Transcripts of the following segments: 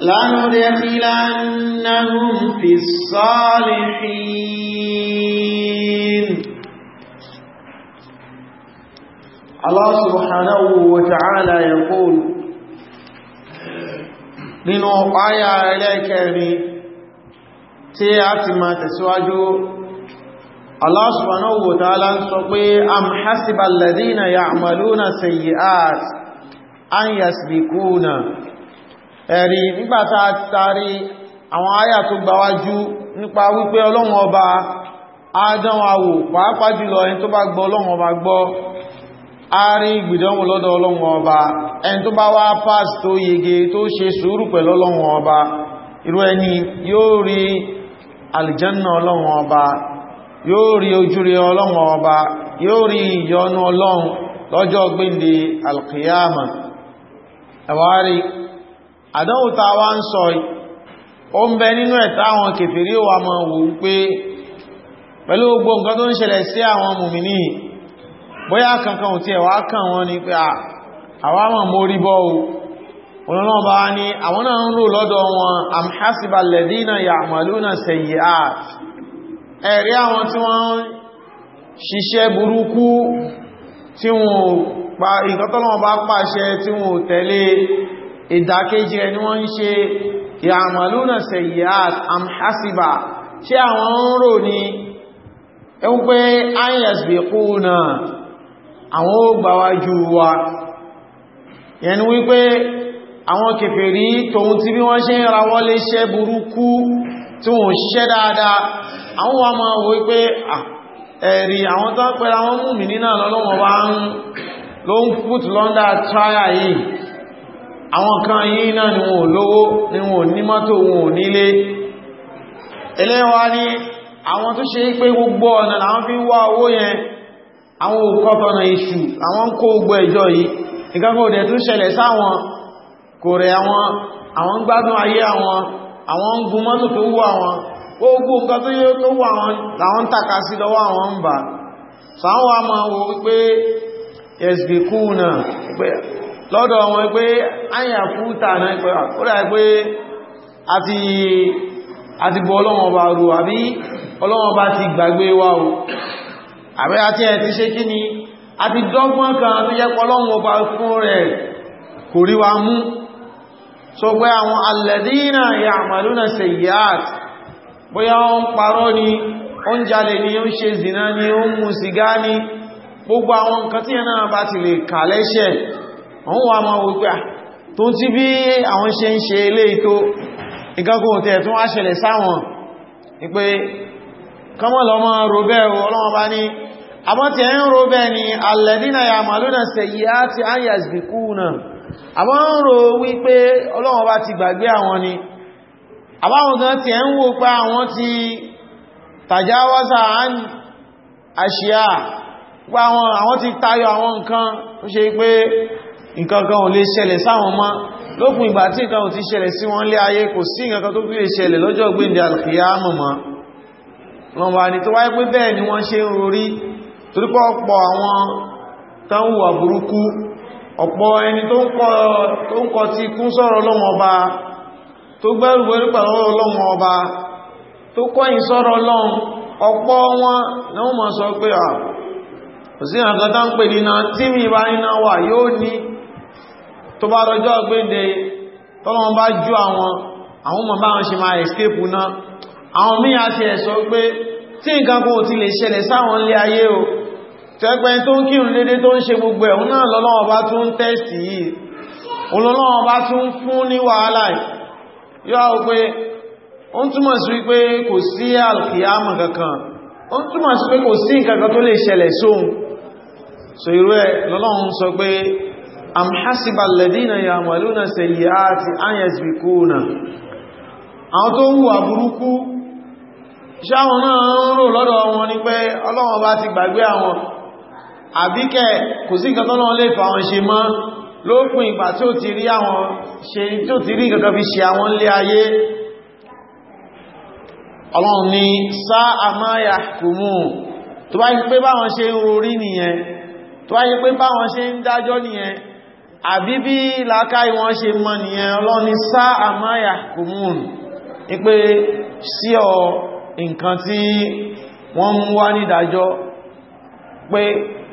لندخلنهم في الصالحين الله سبحانه وتعالى يقول nínú ọ̀páyà ẹlẹ́ẹ̀kẹ́rin tí a ti máa tẹ̀síwájú Allah subhanahu wa ta'ala ń sọ pé am hasibal ladina ya'maluna sayyi'at an yasbiquna ẹ̀rí nígbàtà tàrí àwọn àyà tó gbáwájú nípa wípé ọlọ́run ọba adánwò àwò pàápàá jùlọ ẹni tó bá gbọ́ ọlọ́run ọba gbọ́ a rí ìgbìdánwò lọ́dọ̀ ọlọ́run ọba ẹni tó bá wá pass tó yege tó ṣe sùúrù pẹ̀lú ọlọ́run ọba irú ẹni yóò rí alìjẹ́nà ọlọ́run ọba yóò rí ojúre ọlọ́run ọba yóò rí ìyọnu ọlọ́run lọ́jọ́ gbíndì alkiyama ẹ̀wárí àdánwò ta wá ń sọ ó ń bẹ nínú ẹ̀ta àwọn kèfèrí wa mọ̀ wò pé pẹ̀lú gbogbo nǹkan tó ń ṣẹlẹ̀ sí àwọn mùmìnì bóyá kankan ò tí ẹ̀wà kàn wọ́n ni pé àwa mọ̀ mórí bọ́ o ọlọ́run bá ní àwọn náà ń lò lọ́dọ̀ bá pàṣẹ tí wọ́n tẹ̀lé ìdàkejì rẹ̀ ni wọ́n ń ṣe ya'maluna sayyi'at am hasiba ṣe àwọn ń rò ní ẹun pé yasbiquna àwọn ó gbàwájú wa yẹni wípé àwọn kèfèrí tóhun tí bí wọ́n ṣe ń rawọ́ lé ṣẹ́ burúkú tí wọ́n ṣẹ́ dáadáa àwọn wa máa wò àwọn kan yi náà ni wọn ò lówó ni wọn ò ní mọ́tò wọn ò nílé ní àwọn tó ṣe pé gbogbo ọ̀nà fi ń wá owó yẹn àwọn òkọ́tọ̀nà iṣu àwọn kó gbogbo ẹjọ́ yìí ìgbàgbọ́ òdẹ̀ tó ṣẹlẹ̀ sáwọn kò àwọn gbádùn ayé àwọn lọ́dọ̀ wọn pé àyà fúta náà pé ó dá pé àti bọ́ ọlọ́mọba rú àbí ọlọ́mọba ti gbàgbé wa o àbí àti ẹ̀ ti ṣe kí ni a ti dọ́gbọ́n kan tó yẹ pọ́lọ́mọba fún rẹ̀ kò rí wa mú so pé àwọn alladina ya'maluna sayyi'at bóyá ó ń parọ́ ni ó ń jalè ni ó ń ṣe zina ni ó ń mu sìgá ni gbogbo àwọn nǹkan tí ẹ̀ náà bá ti lè kà lẹ́ṣẹ̀ òun wà máa wò pé ah, tó ti bí àwọn ṣe ń ṣe ilé ìtò ìgagun òtẹ̀ tún wá ṣẹlẹ̀ sáwọn ìpé kọmọ̀lọ́ mọ́ robẹ́ ọlọ́wọ́n bá ní àbọ́tẹ̀ ń robẹ́ ni alẹ́dínà ya màlúnà sẹ̀yí á ti ayas àbáwọn gan ti ń wò pé àwọn ti tàjáwásà àṣíà pé àwọn ti tayọ àwọn nǹkan ó ṣe pé nǹkan kan ò lè ṣẹlẹ̀ sáwọn má lókun ìgbà tí nǹkan ò ti ṣẹlẹ̀ sí wọn lé ayé kò sí nǹkan kan tó fi lè ṣẹlẹ̀ lọ́jọ́ gbéǹdé alkiyama mọ́ wọn tó ni wọ́n ṣe ń rorí torípọ̀ ọ̀pọ̀ àwọn tán hùwà burúkú ọ̀pọ̀ ẹni tó ń kọ ti kún sọ̀rọ̀ Ọlọ́run ọba tó gbẹ́rùgbẹ́rù kọ́yìn sọ̀rọ̀ Ọlọ́run ọ̀pọ̀ wọn náà mọ̀ sọ pé à kò sí ń pè nínà tí mi bá nínà wà yóò ní tó bá rọjọ́ gbéǹde tọ́lọ́wọ́n bá jú àwọn àwọn ọmọ báwọn ṣe máa escape náà àwọn míì á ti ẹ̀sọ́ pé tí nǹkan kò ti lè ṣẹlẹ̀ sáwọn ilé ayé o tẹ́gbẹ́ tó ń kírun dédé tó ń ṣe gbogbo ẹ̀hún náà lọ́lọ́wọ́ bá tún tẹ́sì yìí olọ́lọ́wọ́ bá tún fún ní so irú ẹ̀ lọ́lọ́run sọ pé am hasiba alladhina ya'maluna sayyi'ati an yasbiquna àwọn tó hùwà burúkú ṣáwọn náà ń rò lọ́dọ̀ wọn ni pé Ọlọ́run bá ti gbàgbé àwọn àbíkẹ́ kò sí nǹkan tọ́lọ́run lè fà wọn ṣe mọ́ lópin ìgbà tí ó ti rí àwọn ṣe tí ó ti rí nǹkan fi ṣe àwọn lé ayé Ọlọ́run ni sáà máa yahkumu tó bá yí pé báwọn ṣe ń rorí nìyẹn tó bá pé báwọn ṣe ń dájọ́ nìyẹn àbí bí lákáì wọ́n ṣe mọ́ nìyẹn ọlọ́ni sáà àmáyà kò mún ipé sí ọ nǹkan tí wọ́n mú wá ní ìdájọ́ pé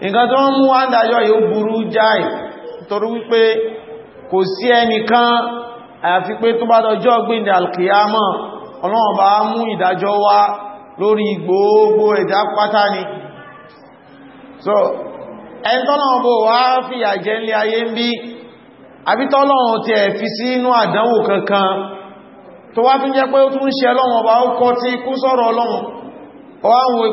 nǹkan tí wọ́n mú wá ní ìdájọ́ yóò burú jáì torí wípé kò sí ẹnìkan àyàfi pé tó bá dọjọ́ gbìndẹ̀ alkiyama ọlọ́run bá mú ìdájọ́ wá lórí gbogbo ẹ̀dá pátá ni so ẹ̀ntọ́lọ́wọ́ bó wá fi àjẹ́ ilé ayé ń bí àbítọ́lọ́wọ́ ti ẹ̀ fi sí inú àdánwò kankan tó wá tún jẹ́ pé ó tún ṣe lọ́wọ́ bá ó kọ́ tí kú sọ́rọ̀ ọlọ́run ọwá ń wo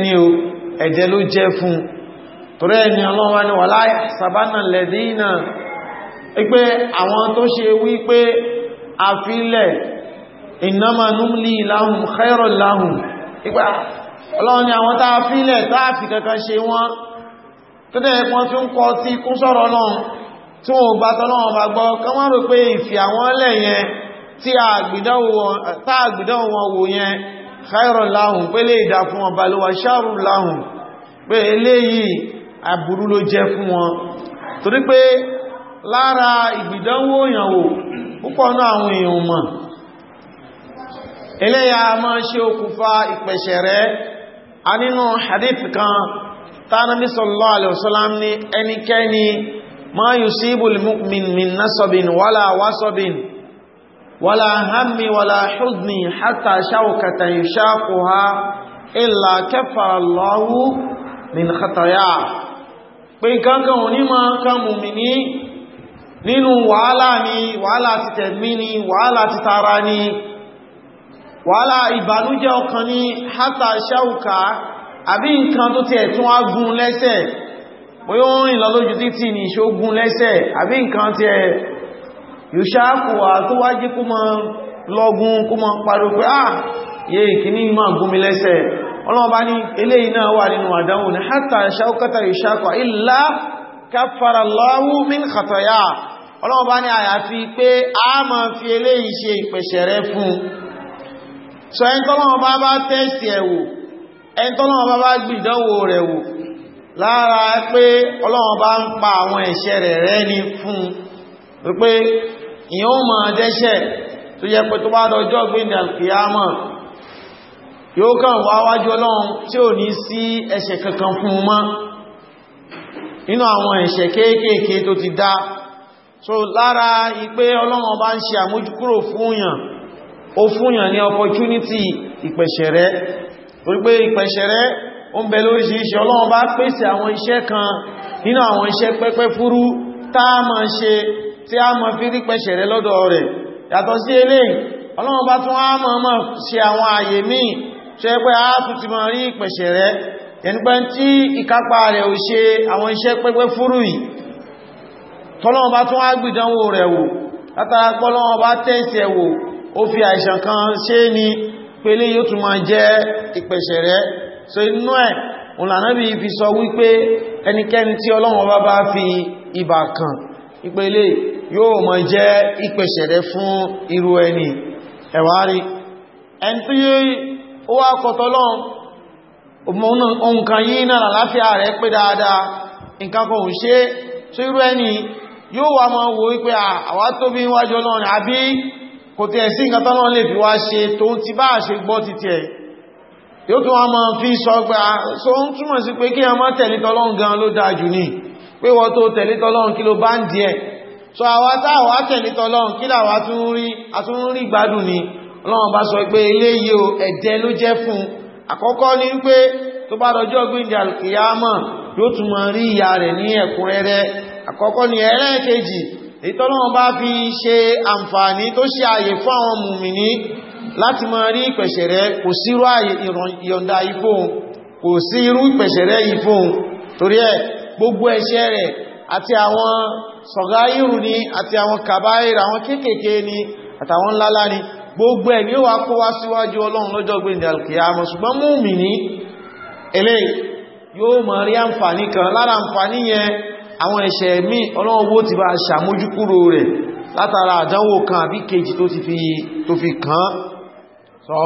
ni o ẹ̀jẹ́ ló jẹ́ fún torí ẹni ọlọ́run àwọn tó ṣe wí àfilẹ̀ innama numli lahum khairan lahum ipa ọlọ́run ni àwọn tàà fílẹ̀ tàà fi kankan ṣe wọ́n tó dẹ̀ ẹ̀kùn tí ń kọ tí kún sọ̀rọ̀ náà tí wọ́n bá tọ́lọ́wọ́n bá gbọ́ kán wọ́n rò pé ìfì àwọn lẹ́yẹn tí àgbìdánwò wọn wò yẹn khairan lahum pé lè yàn wò púpọ̀ náà àwọn èèyàn mọ̀ eléyà ma ṣe okùnfà ìpẹ̀ṣẹ̀ rẹ̀ a nínú hadith kan tánàbí sallallahu alaihi wasallam ní ẹnikẹ́ni ma yusibul mu'min min nasabin wala wasabin wala hammi wala huzni hatta shawkatan yushaquha illa kaffara Allahu nínú wàhálà ni wàhálà ti tẹ̀mí ni wàhálà ti tara ni wàhálà ìbànújẹ́ ọkàn ni hátà ṣáùká àbí nǹkan tó tẹ̀ tún agún lẹ́sẹ̀ bóyá ó rìn lọ lójú títì ní ṣógún lẹ́sẹ̀ àbí nǹkan tẹ̀ yùṣáàkùwà tó wájí kó mọ lọ́gún kó mọ pariwo pé à ah, yẹ ìkíní máa gún mi lẹ́sẹ̀ ọlọ́wọ́ bá ní eléyìí náà wà nínú àdánwò ní hátà ṣáùkátà yùṣáàkùwà ìlà kafara Allahu min khataya ọlọ́wọ́ bá ní àyàfi pé a mọ̀ fi eléyìí ṣe ìpẹ̀ṣẹ̀ rẹ fún so ẹni tọ́lọ́wọ́ bá bá tẹ́sì ẹ̀wò ẹni tọ́lọ́wọ́ bá bá gbìdánwò rẹ̀ wò lára pé ọlọ́wọ́ bá ń pa àwọn ẹ̀ṣẹ̀ rẹ̀ rẹ́ ní fún wípé ìyẹn ó mọ̀ dẹ́ṣẹ̀ tó yẹ pé tó bá dọjọ́ gbìndà kìyàmọ̀ yóò kàn so lára ipé ọlọ́run bá ń ṣe àmójúkúrò fúnyàn ó fúnyàn ní opportunity ìpẹ̀ṣẹ̀ rẹ̀ wípé ìpẹ̀ṣẹ̀ rẹ̀ ó ń bẹ lóríṣìíṣìí ọlọ́run bá pèsè àwọn iṣẹ́ kan nínú àwọn iṣẹ́ pẹ́pẹ́ fúrú tá a máa ṣe tí a máa fi rí pẹ̀ṣẹ̀ rẹ̀ lọ́dọ̀ rẹ̀ yàtọ̀ sí eléyìí ọlọ́run bá tún á máa máa ṣe àwọn àyè míì tí ìkápá rẹ̀ ò ṣe àwọn iṣẹ́ pẹ́pẹ́ fúrú yìí tọ́lọ́wọ́n bá tún wá gbìdánwò rẹ̀ wò látara pọ́lọ́wọ́n bá tẹ́ẹ̀sì ẹ̀wò ó fi àìsàn kan ṣe ni pẹ̀lẹ́ yóò tún máa jẹ́ ìpẹ̀ṣẹ̀ rẹ̀ so inú ẹ̀ òlànábì fi sọ wípé ẹnikẹ́ni tí ọlọ́wọ́n bá bá fi ibà kan ìpẹ̀lẹ́ yóò máa nǹkan yìí náà láfíà rẹ̀ pé dáadáa nǹkan kan ò ṣe é irú ẹni yóò wà máa wo wípé àwa tó bí wájú ọlọ́run àbí kò tẹ̀ sí nǹkan tọ́lọ́run lè fi wá ṣe tó ti bá ṣe gbọ́ ti tẹ̀ yóò tó wá máa fi sọ pé so ń túmọ̀ sí pé kí a máa tẹ̀lé tọ́lọ́run gan ló dáa jù ní pé wọ́n tó tẹ̀lé tọ́lọ́run kí ló bá ń díẹ̀ so àwa táwa tẹ̀lé tọ́lọ́run kí làwa tún rí àtúnrí gbádùn ni ọlọ́run bá sọ pé eléyìí o ẹ̀jẹ̀ ló jẹ́ fún àkọ́kọ́ ní pé tó bá dọjọ́ gbíndì alkiyama yóò tún máa rí ìyà rẹ̀ ní ẹ̀kúnrẹ́rẹ́ àkọ́kọ́ ni ẹlẹ́ẹ̀kejì ìtọ́lọ́wọ́n bá fi ṣe àǹfààní tó ṣe àyè fún àwọn mùmìní láti máa rí ìpẹ̀ṣẹ̀rẹ́ kò sírú àyè ìyọ̀nda ìfóhun kò sí irú ìpẹ̀ṣẹ̀rẹ́ ìfóhun torí ẹ̀ gbogbo ẹ̀ṣẹ̀ rẹ̀ àti àwọn sọ̀gáírù ni àti àwọn kàbáìrì àwọn ni àtàwọn ńláńlá ni ni ó wá kó wá síwájú ọlọ́run lọ́jọ́ gbẹ̀ndẹ̀ alkiyama ṣùgbọ́n mùmìní eléyìí àwọn ẹ̀ṣẹ̀ mí ọlọ́wọ́ ti bá ṣàmójúkúrò rẹ̀ látara àdánwò kan àbí kejì tó ti fi tó fi kàn sọ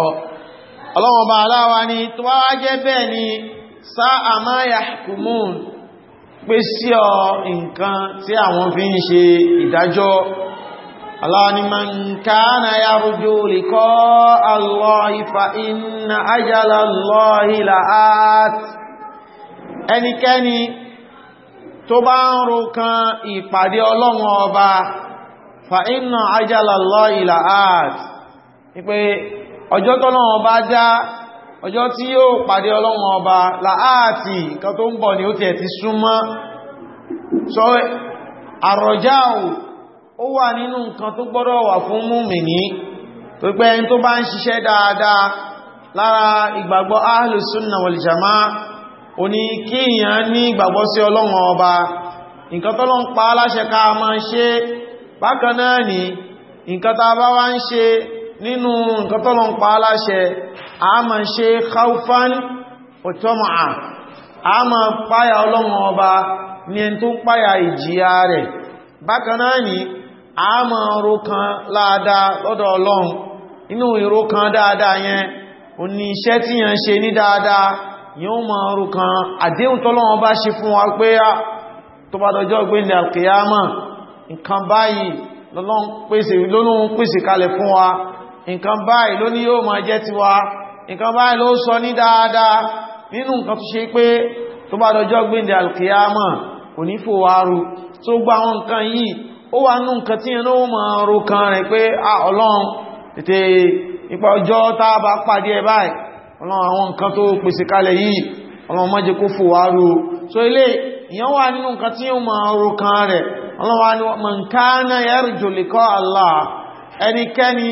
ọlọ́wọ́ bá aláwa ni tó wá jẹ́ bẹ́ẹ̀ ni sáà máa pé sí ọ nǹkan tí àwọn fi ń ṣe ìdájọ́ Allahi fa ajala Allahi la'at ẹnikẹ́ni tó bá ń ro kan ìpàdé ọlọ́run ọba fa inna ajala Allahi la'at wípé ọjọ́ tọ́lọ́run ọba já ọjọ́ tí yóò pàdé ọlọ́run ọba la'ati kan tó ń bọ̀ ní ó tiẹ̀ ti súnmọ́ sọ àrọ̀jáù ó wà nínú nǹkan tó gbọ́dọ̀ wà fún mùmínì tó pé tó bá ń ṣiṣẹ́ dáadáa lára ìgbàgbọ́ ahlus sunnah wal ó ní kí èèyàn ní ìgbàgbọ́ sí ọlọ́run ọba nǹkan tọ́lọ́run pa aláṣẹ ká máa ń ṣe bákan náà ni nǹkan tá a bá wá ń ṣe nínú nǹkan tọ́lọ́run pa aláṣẹ a máa ń ṣe káufán òtọ́mọ̀á a máa páyà ọlọ́run ọba ní ẹni tó páyà ìjìyà rẹ̀ bákan náà ni a máa ro kan láadáa lọ́dọ̀ ọlọ́run inú ìro kan dáadáa yẹn yóò máa rú kan àdéhùn tọ́lọ́wọ́n bá ṣe fún wa pé á ah, tó bá dọjọ́ gbé ní alkiyama nǹkan báyìí lọ́lọ́n pèsè lónúun pèsè kalẹ̀ fún wa nǹkan báyìí ló ní yóò máa jẹ́ ti wa nǹkan báyìí ló sọ ní dáadáa nínú nǹkan tó ṣe pé tó bá dọjọ́ gbé ní alkiyama kò ní fò wá rú tó gba àwọn nǹkan yìí ó wà nú nǹkan tí ẹnu máa rú kan rẹ̀ pé á ah, ọlọ́run tètè ipa ọjọ́ tá bá pàdé ẹ báyìí ọlọ́run àwọn nǹkan tó pèsè kalẹ̀ yìí ọlọ́run má jẹ́ kó fò wá rú so ilé ìyẹn wà nínú nǹkan tí ó máa ro kan rẹ̀ ọlọ́run wá ní man kana yarju liqa Allah ẹnikẹ́ni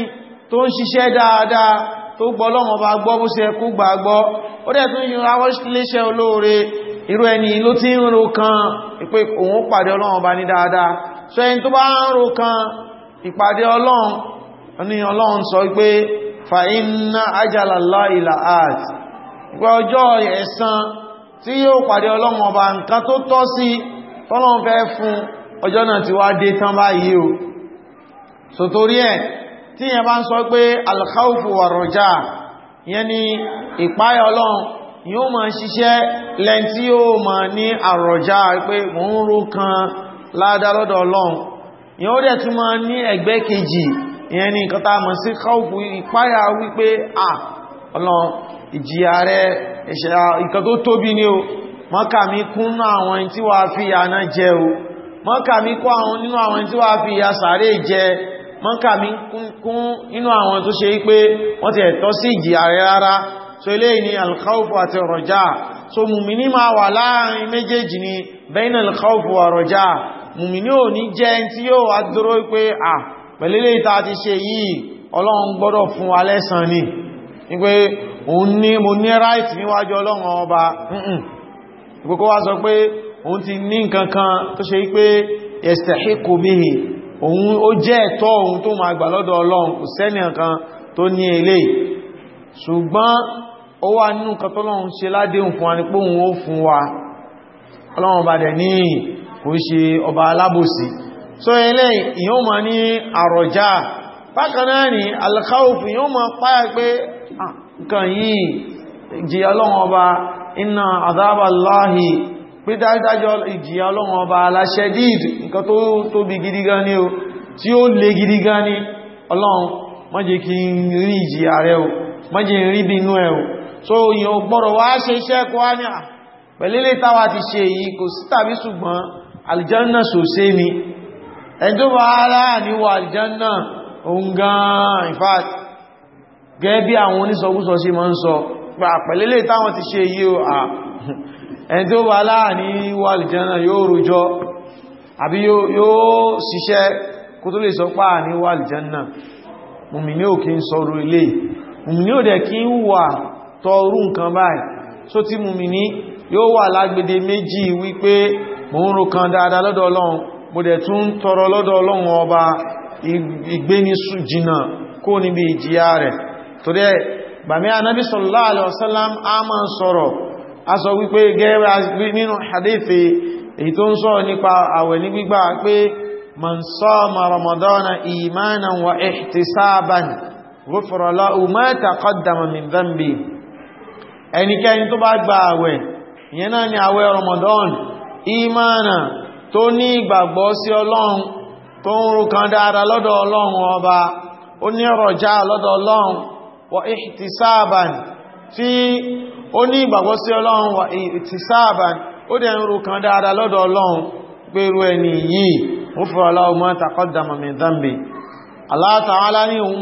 tó ń ṣiṣẹ́ dáadáa tó gbọ́ lọ́wọ́n bá gbọ́ bó ṣe kú gbàgbọ́ ó dẹ̀ tún yìí ráwọ́ léṣẹ́ so ẹni tó bá ń ro kan ìpàdé ọlọ́run ọlọ́run sọ pé fa inna ajalallahi la'at ìgbà ọjọ́ ẹ̀san tí yóò pàdé ọlọ́run ọba nǹkan tó tọ́ sí tọ́lọ́run fẹ́ fún ọjọ́ náà ti wá dé tán báyìí o so torí ẹ̀ tí yẹn bá ń sọ pé alkhaufu wa roja yẹn ni ìpáyà ọlọ́run yóò máa ṣiṣẹ́ lẹ́ntí yóò máa ní àrọ̀já pé mò ń rò kan ládá lọ́dọ̀ ọlọ́run yóò dẹ̀ tún máa ní ẹgbẹ́ kejì ìyẹn ni nǹkan táa mọ̀ sí káùfù ìpáyà wípé à ọlọ́run ìjìyà rẹ nǹkan tó tóbi ní o mọ́kà mi kún nínú àwọn tí wà fi àná jẹ o mọ́kà mi kún nínú àwọn tí wà fi ìyà sàárè jẹ mọ́kà mi kún nínú àwọn tó ṣe wípé wọ́n ti ẹ̀tọ́ sí ìjìyà rẹ rárá so eléyìí ni alkhaufu àti rọjá so mùmíní máa wà láàrin méjèèjì ni bẹ́ẹ̀nà alkhaufu àrọjá mùmíní ò ní jẹ́ tí yóò wá dúró pé ah pẹ̀lẹ́lẹ́ ìta ti ṣe yìí ọlọ́run gbọ́dọ̀ fún wa ni wípé òun ní mo ní right níwájú ọlọ́run ọba ìpòkó wá sọ pé òun ti ní nǹkan kan tó ṣe wípé yastahiqu bihi òun ó jẹ́ ẹ̀tọ́ òun tó máa gbà lọ́dọ̀ ọlọ́run kò sẹ́ni kan tó ní eléyìí ṣùgbọ́n ó so ilé ìyàn ma ní àrọ̀já bákanáà ni alkhawf yóò ma páyà pé ah, nǹkan yìí ìjìyà ọlọ́wọ́ ọba inna adhaba Allahi pé dájájọ́ ìjìyà ọlọ́wọ́ ọba aláṣẹ́dìd nǹkan tó tóbi gidi gan ni o tí ó le gidi gan ni ọlọ́run má jẹ́ kí n rí ìjìyà o má jẹ́ rí bínú ẹ̀ o so yóò gbọ́rọ̀ wá ṣe iṣẹ́ kó wá ní à ah, pẹ̀lẹ́lẹ́ táwa ti ṣe yìí kò sí tàbí ṣùgbọ́n aljanna sòsé ni ẹjọba aláàníwà aljanna ọ̀ngán in fact gẹ́bí àwọn onísọ̀gúsọ sí ma ń sọ pẹ̀lẹ́lẹ́ táwọn ti ṣe yíò à ẹjọba aláàníwà aljanna yóò rújọ àbí yóò ṣiṣẹ́ kó tó lè sọ pá àníwà aljanna mùmìnì ò kí ń sọ̀rọ̀ ilé mùmìnì ò kí ń wà tọrú ń ro kan dáadáa lọ́dọ̀ Ọlọ́run mo dẹ̀ tún tọrọ lọ́dọ̀ ọlọ́run ọba ìgbéni jìnà kó níbi ìjìyà rẹ̀ tó dẹ̀ bàmí anábí sallallahu alaihi wasallam a máa sọ̀rọ̀ a sọ wípé gẹ́rẹ́ nínú hadithi èyí tó ń sọ̀rọ̀ nípa àwẹ̀ ní gbígbà pé man sama ramadana imanan wa ihtisaban ghufira lahu ma taqaddama min dhanbi ẹnikẹ́ni bá gba àwẹ̀ ìyẹn náà ni àwẹ̀ ramadan imanan tó ní ìgbàgbọ́ sí ọlọ́run tó ń rú kan dára lọ́dọ̀ ọlọ́run ọba ó ní rọjá lọ́dọ̀ ọlọ́run wọ ihtisaban fi ó ní ìgbàgbọ́ sí ọlọ́run wọ ihtisaban ó dẹ̀ ń rú kan dára lọ́dọ̀ ọlọ́run pẹ̀rú ẹni yìí ó fẹ́ ọlọ́run mọ́ taqaddama min dhanbi Allah ta'ala ní òun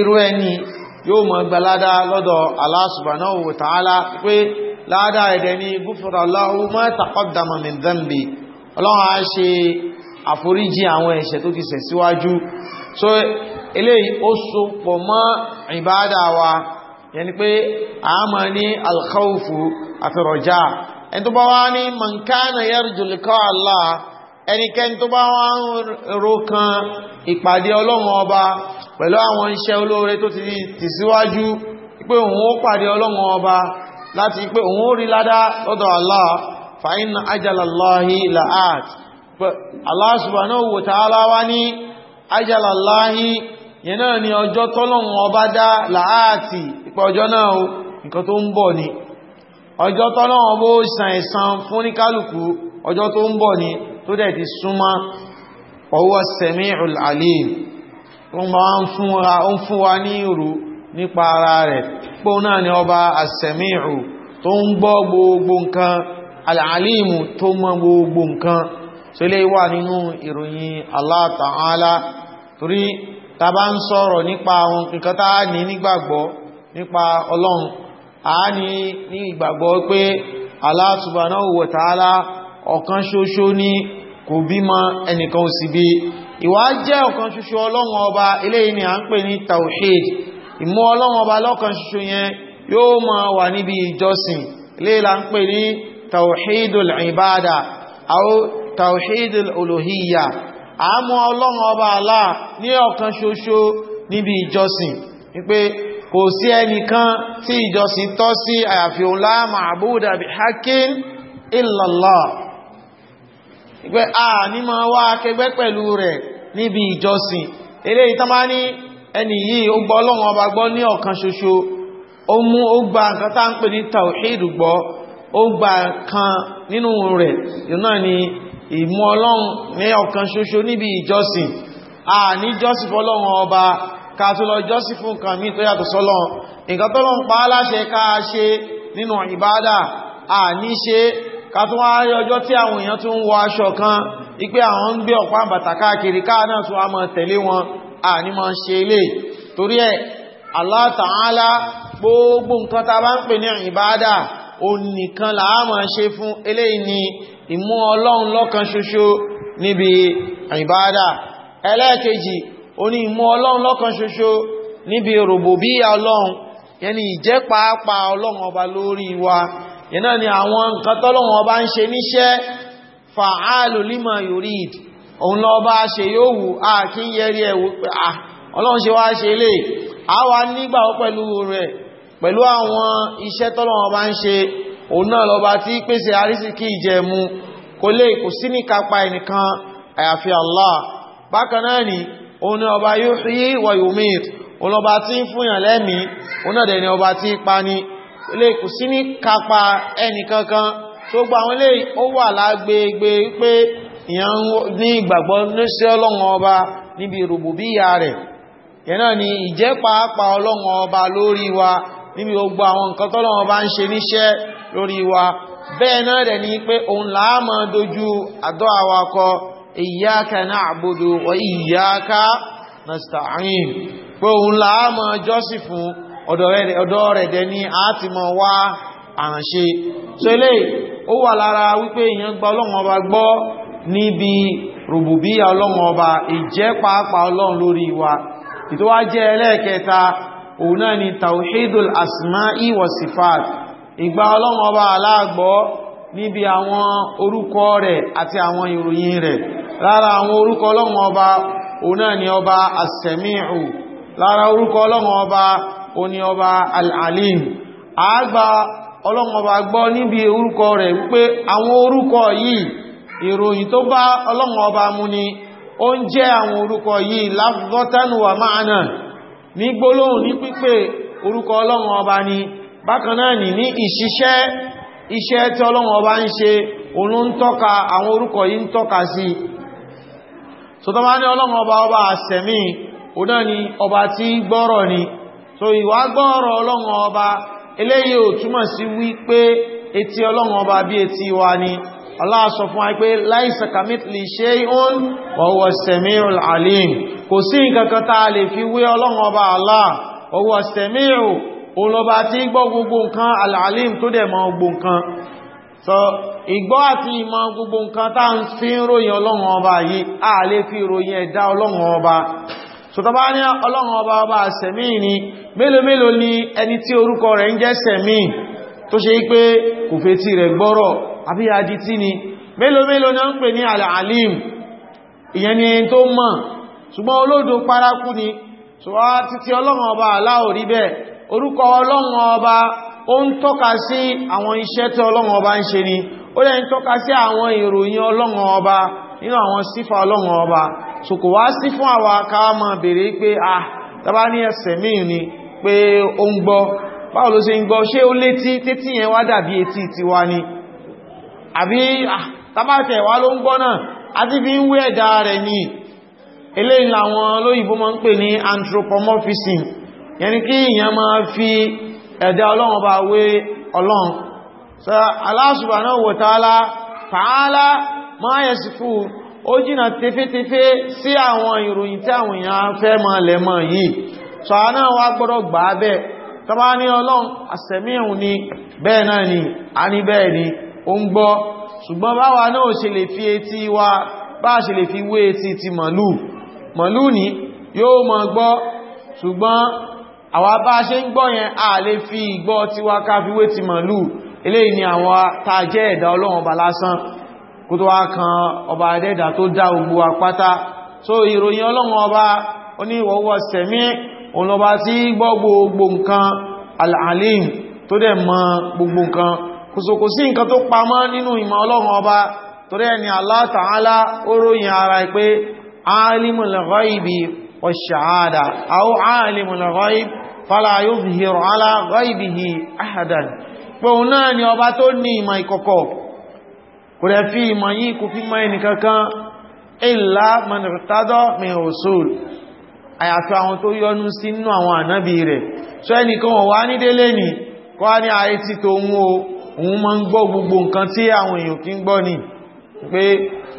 irú ẹni yóò mọ̀ gbalada lọ́dọ̀ Allah subhanahu wa ta'ala pé láàdá ẹ̀dẹ̀ ní gúfúra Allahu ma taqaddama min dhanbi ọlọ́run á ṣe àforíjì àwọn ẹ̀ṣẹ̀ tó ti ṣẹ̀ síwájú so eléyìí ó so pọ̀ mọ́ ìbáadà wa yẹni pé a mọ̀ ní alkhawfu àti rọjá ẹni tó bá wá ní man kana yarju liqa Allah ẹnikẹ́ni tó bá wá ń ro kan ìpàdé ọlọ́run ọba pẹ̀lú àwọn iṣẹ́ olóore tó ti tì síwájú pé òun ó pàdé ọlọ́run ọba láti pé òun ó rí ládá lọ́dọ̀ Allah fa inna ajalallahi la'at Allah subhanahu wa ta'ala wá ní ajalallahi yẹn náà ni ọjọ́ tọ́lọ́run ọba dá la'ati ipẹ́ ọjọ́ náà o nǹkan tó ń bọ̀ ni wọ́n máa ń fún wa ní ìrù nípa ara rẹ̀ pé ó náà ni ọba àsẹ̀míhù tó ń gbọ́ gbogbo nǹkan alàálìmù tó mọ̀ gbogbo nǹkan tó lè wà nínú ìròyìn Allah Ta'ala torí ta bá ń sọ̀rọ̀ nípa àwọn nǹkan tá a ní nígbàgbọ́ nípa Ọlọ́run a ní ní ìwà jẹ́ ọ̀kan ṣoṣo ọlọ́run ọba eléyìí ni a ń pè ní tawhid ìmú ọlọ́run ọba lọ́kan ṣoṣo yẹn yóò máa wà níbi ìjọsìn eléyìí la ń pè ní tawhidul ibada àó tawhidul uluhiyya a mú ọlọ́run ọba Allah ní ọ̀kan ṣoṣo níbi ìjọsìn wípé kò sí ẹnìkan tí ìjọsìn tọ́ sí àyàfi òun la ma'buda bihaqqin ìpẹ́ a ní máa wá akẹgbẹ́ pẹ̀lú rẹ̀ níbi ìjọsìn eléyìí tán bá ní ẹni yìí ó gbọ́ ọlọ́run ọba gbọ́ ní ọ̀kan ṣoṣo ó mú ó gba nǹkan tá ń pè ní tawhid gbọ́ ó gba kan nínú rẹ̀ yóò ni ìmú ọlọ́run ní ọ̀kan ṣoṣo níbi ìjọsìn a ní jọ́sìn fọlọ́run ọba ká tó lọ jọ́sìn fún nǹkan míì tó yàtọ̀ sọ́lọ́run nǹkan tọ́lọ́run pa á láṣẹ ká ṣe nínú ìbádà a ṣe kátún wá rí ọjọ́ tí àwọn èèyàn tún wọ aṣọ kan ipé àwọn ń gbé ọ̀pá bàtà káàkiri káà náà tún a mọ̀ tẹ̀lé wọn à ní mọ̀ ṣe ilé torí ẹ̀ Allah Ta'ala gbogbo nǹkan ta bá ń pè ní ìbádà o nìkan làá mọ̀ ṣe fún eléyìí ni ìmú ọlọ́run lọ́kan ṣoṣo níbi ìbádà ẹlẹ́ẹ̀kejì o wa iná ni àwọn nǹkan tọ́lọ́wọ́n ọba ń ṣe níṣẹ́ fa'alu lima yurid òun lọ bá ṣe yóò wù á kí ń yẹrí ẹ̀wò pé à ah, ọlọ́run ṣe wá ṣe lè a wá nígbà ó pẹ̀lú rẹ̀ pẹ̀lú àwọn iṣẹ́ tọ́lọ́wọ́n ọba ń ṣe òun náà lọ́ba tí pèsè àrísìkí ìjẹ̀mú kò lè kò sí ní kápá ẹnìkan àyàfi Allah bákan náà ni òun ni ọba yuhyi wa yumit òun lọ́ba tí ń fúnyàn lẹ́mìí òun náà dẹ̀ ni ọba tí pa ni ilé kò sí ní kápa ẹnìkankan tó gba àwọn ilé ó wà lágbègbè pé ìyàn ní ìgbàgbọ́ níṣe ọlọ́run ọba níbi rùbùbíyà rẹ̀ yẹn ni ìjẹ́ pàápàá ọlọ́run ọba lórí wa níbi gbogbo àwọn nǹkan tọ́lọ́run ọba ń ṣe níṣẹ́ lórí wa bẹ́ẹ̀ náà rẹ̀ ni pé òun láàmà dojú àdọ́ àwakọ iyyaka na'budu wa iyyaka nasta'in pé òun láàmà jọ́sì fún ọ̀dọ̀ rẹ̀ dẹ̀ ní àátìmọ̀ wá àrànṣe so ilé ó wà lára wípé èèyàn gba ọlọ́run ọba gbọ́ níbi rùbùbíyà ọlọ́run ọba ìjẹ́ pàápàá ọlọ́run lórí wa ìtọ́wá jẹ́ ẹlẹ́ẹ̀kẹta òun náà ni tawhidul asma'i wa sifat ìgbà ọlọ́run ọba aláàgbọ́ níbi àwọn orúkọ rẹ̀ àti àwọn ìròyìn rẹ̀ lára àwọn orúkọ ọlọ́run ọba òun náà ni ọba as-sami'u lára orúkọ ọlọ́run ọba ó ní ọba al-alim àgbà ọlọ́mọba gbọ́ níbi orúkọ rẹ̀ wípé àwọn orúkọ yìí ìròyìn tó bá ọlọ́mọba mú ni ó ń jẹ́ àwọn orúkọ yìí lafzatan wa ma'na ní gbólóhùn ní pípé orúkọ ọlọ́run ọba ni bákan náà ni ní ìṣiṣẹ́ iṣẹ́ tí ọlọ́run ọba ń ṣe òun ń tọ́ka àwọn orúkọ ni ọba tí so ìwà gbọ́ọ̀rọ̀ ọlọ́run ọba eléyìí ò túmọ̀ sí wípé etí ọlọ́run ọba bí etí wa ni Allah sọ fún wa pé laisa kamithli shay'un wa huwa as-sami'ul 'alim kò sí nǹkankan tá lè fi wé ọlọ́run ọba Allah wa huwa as-sami'u olọba tí gbọ́ gbogbo nǹkan so ìgbọ́ àti ìmọ̀ gbogbo nǹkan tá ń fi ń ròyìn ọlọ́run ọba yìí a lè fi ròyìn ẹ̀dá ọlọ́run ọba so tó bá ní ọlọ́run ọba ọba sẹ̀mí ni mélòó mélòó ni ẹni tí orúkọ rẹ̀ ń jẹ́ sẹ̀mí tó ṣe pé kò fetí rẹ̀ gbọ́rọ̀ àbí ajití ni mélòó mélòó ni ó ń pè ní alàálìm ìyẹn ni ẹni tó mọ̀ ṣùgbọ́n olódo paraku ni so wá títí ọlọ́run ọba ni ó lẹ́yìn tọ́ka sí àwọn ìròyìn ọlọ́run ọlọ́run ọba so kò wá sí fún àwa ká máa bèèrè pé ah tàbá ní ẹsẹ̀ míì ni pé ó ń gbọ́ báwo ló ṣe ń gbọ́ ṣé ó létí tétí yẹn wá dàbí etí tiwa ni àbí tàbátẹ̀ wá ló ń gbọ́ náà àti bí ń wé ẹ̀dà rẹ̀ ni eléyìí làwọn olóyìnbó máa ń pè ní anthropomorphism yẹni kí èèyàn máa fi ẹ̀dà ọlọ́run bá wé ọlọ́run so wa ta'ala ta'ala ma yasifu ó jìnà tefetefe sí àwọn ìròyìn tí àwọn èèyàn fẹ́ mọ́ lẹ́mọ̀ yìí sọ àná wa gbọ́dọ̀ gbà á bẹ́ẹ̀ tọ́bá ní ọlọ́run àsẹ̀míhùn ni bẹ́ẹ̀ náà ni a ní bẹ́ẹ̀ ni ó ń gbọ́ ṣùgbọ́n báwa náà ṣe lè fi etí wa bá ṣe lè fi wé etí ti màlúù màlúù ni yóò mọ̀ gbọ́ ṣùgbọ́n àwa bá ṣe ń gbọ́ yẹn a kó tó wá kan ọba adẹ́dà tó dá gbogbo apáta so ìròyìn ọlọ́run ọba ó ní ìwọ̀wọ̀ sẹ̀mí ọlọ́ba tí gbọ́ gbogbo nǹkan al-alim tó dẹ̀ mọ̀ gbogbo nǹkan kò so kò sí nǹkan tó pamọ́ nínú ìmọ̀ ọlọ́run ọba torí ẹni ni ọba tó ní kò rẹ̀ fi ìmọ̀ yìí kò fi mọ́ ẹnìkankan ìlà mọ̀nàtàdọ́ mẹ́hùsùl àyàfi àwọn tó yọnú sí inú àwọn ànábì rẹ̀ so ẹnìkan wọ̀ wá ní délé ní kọ́ ní ààrẹ tí tó ń wo òun máa ń gbọ́ gbogbo nǹkan tí àwọn èèyàn kí ń gbọ́ ní pé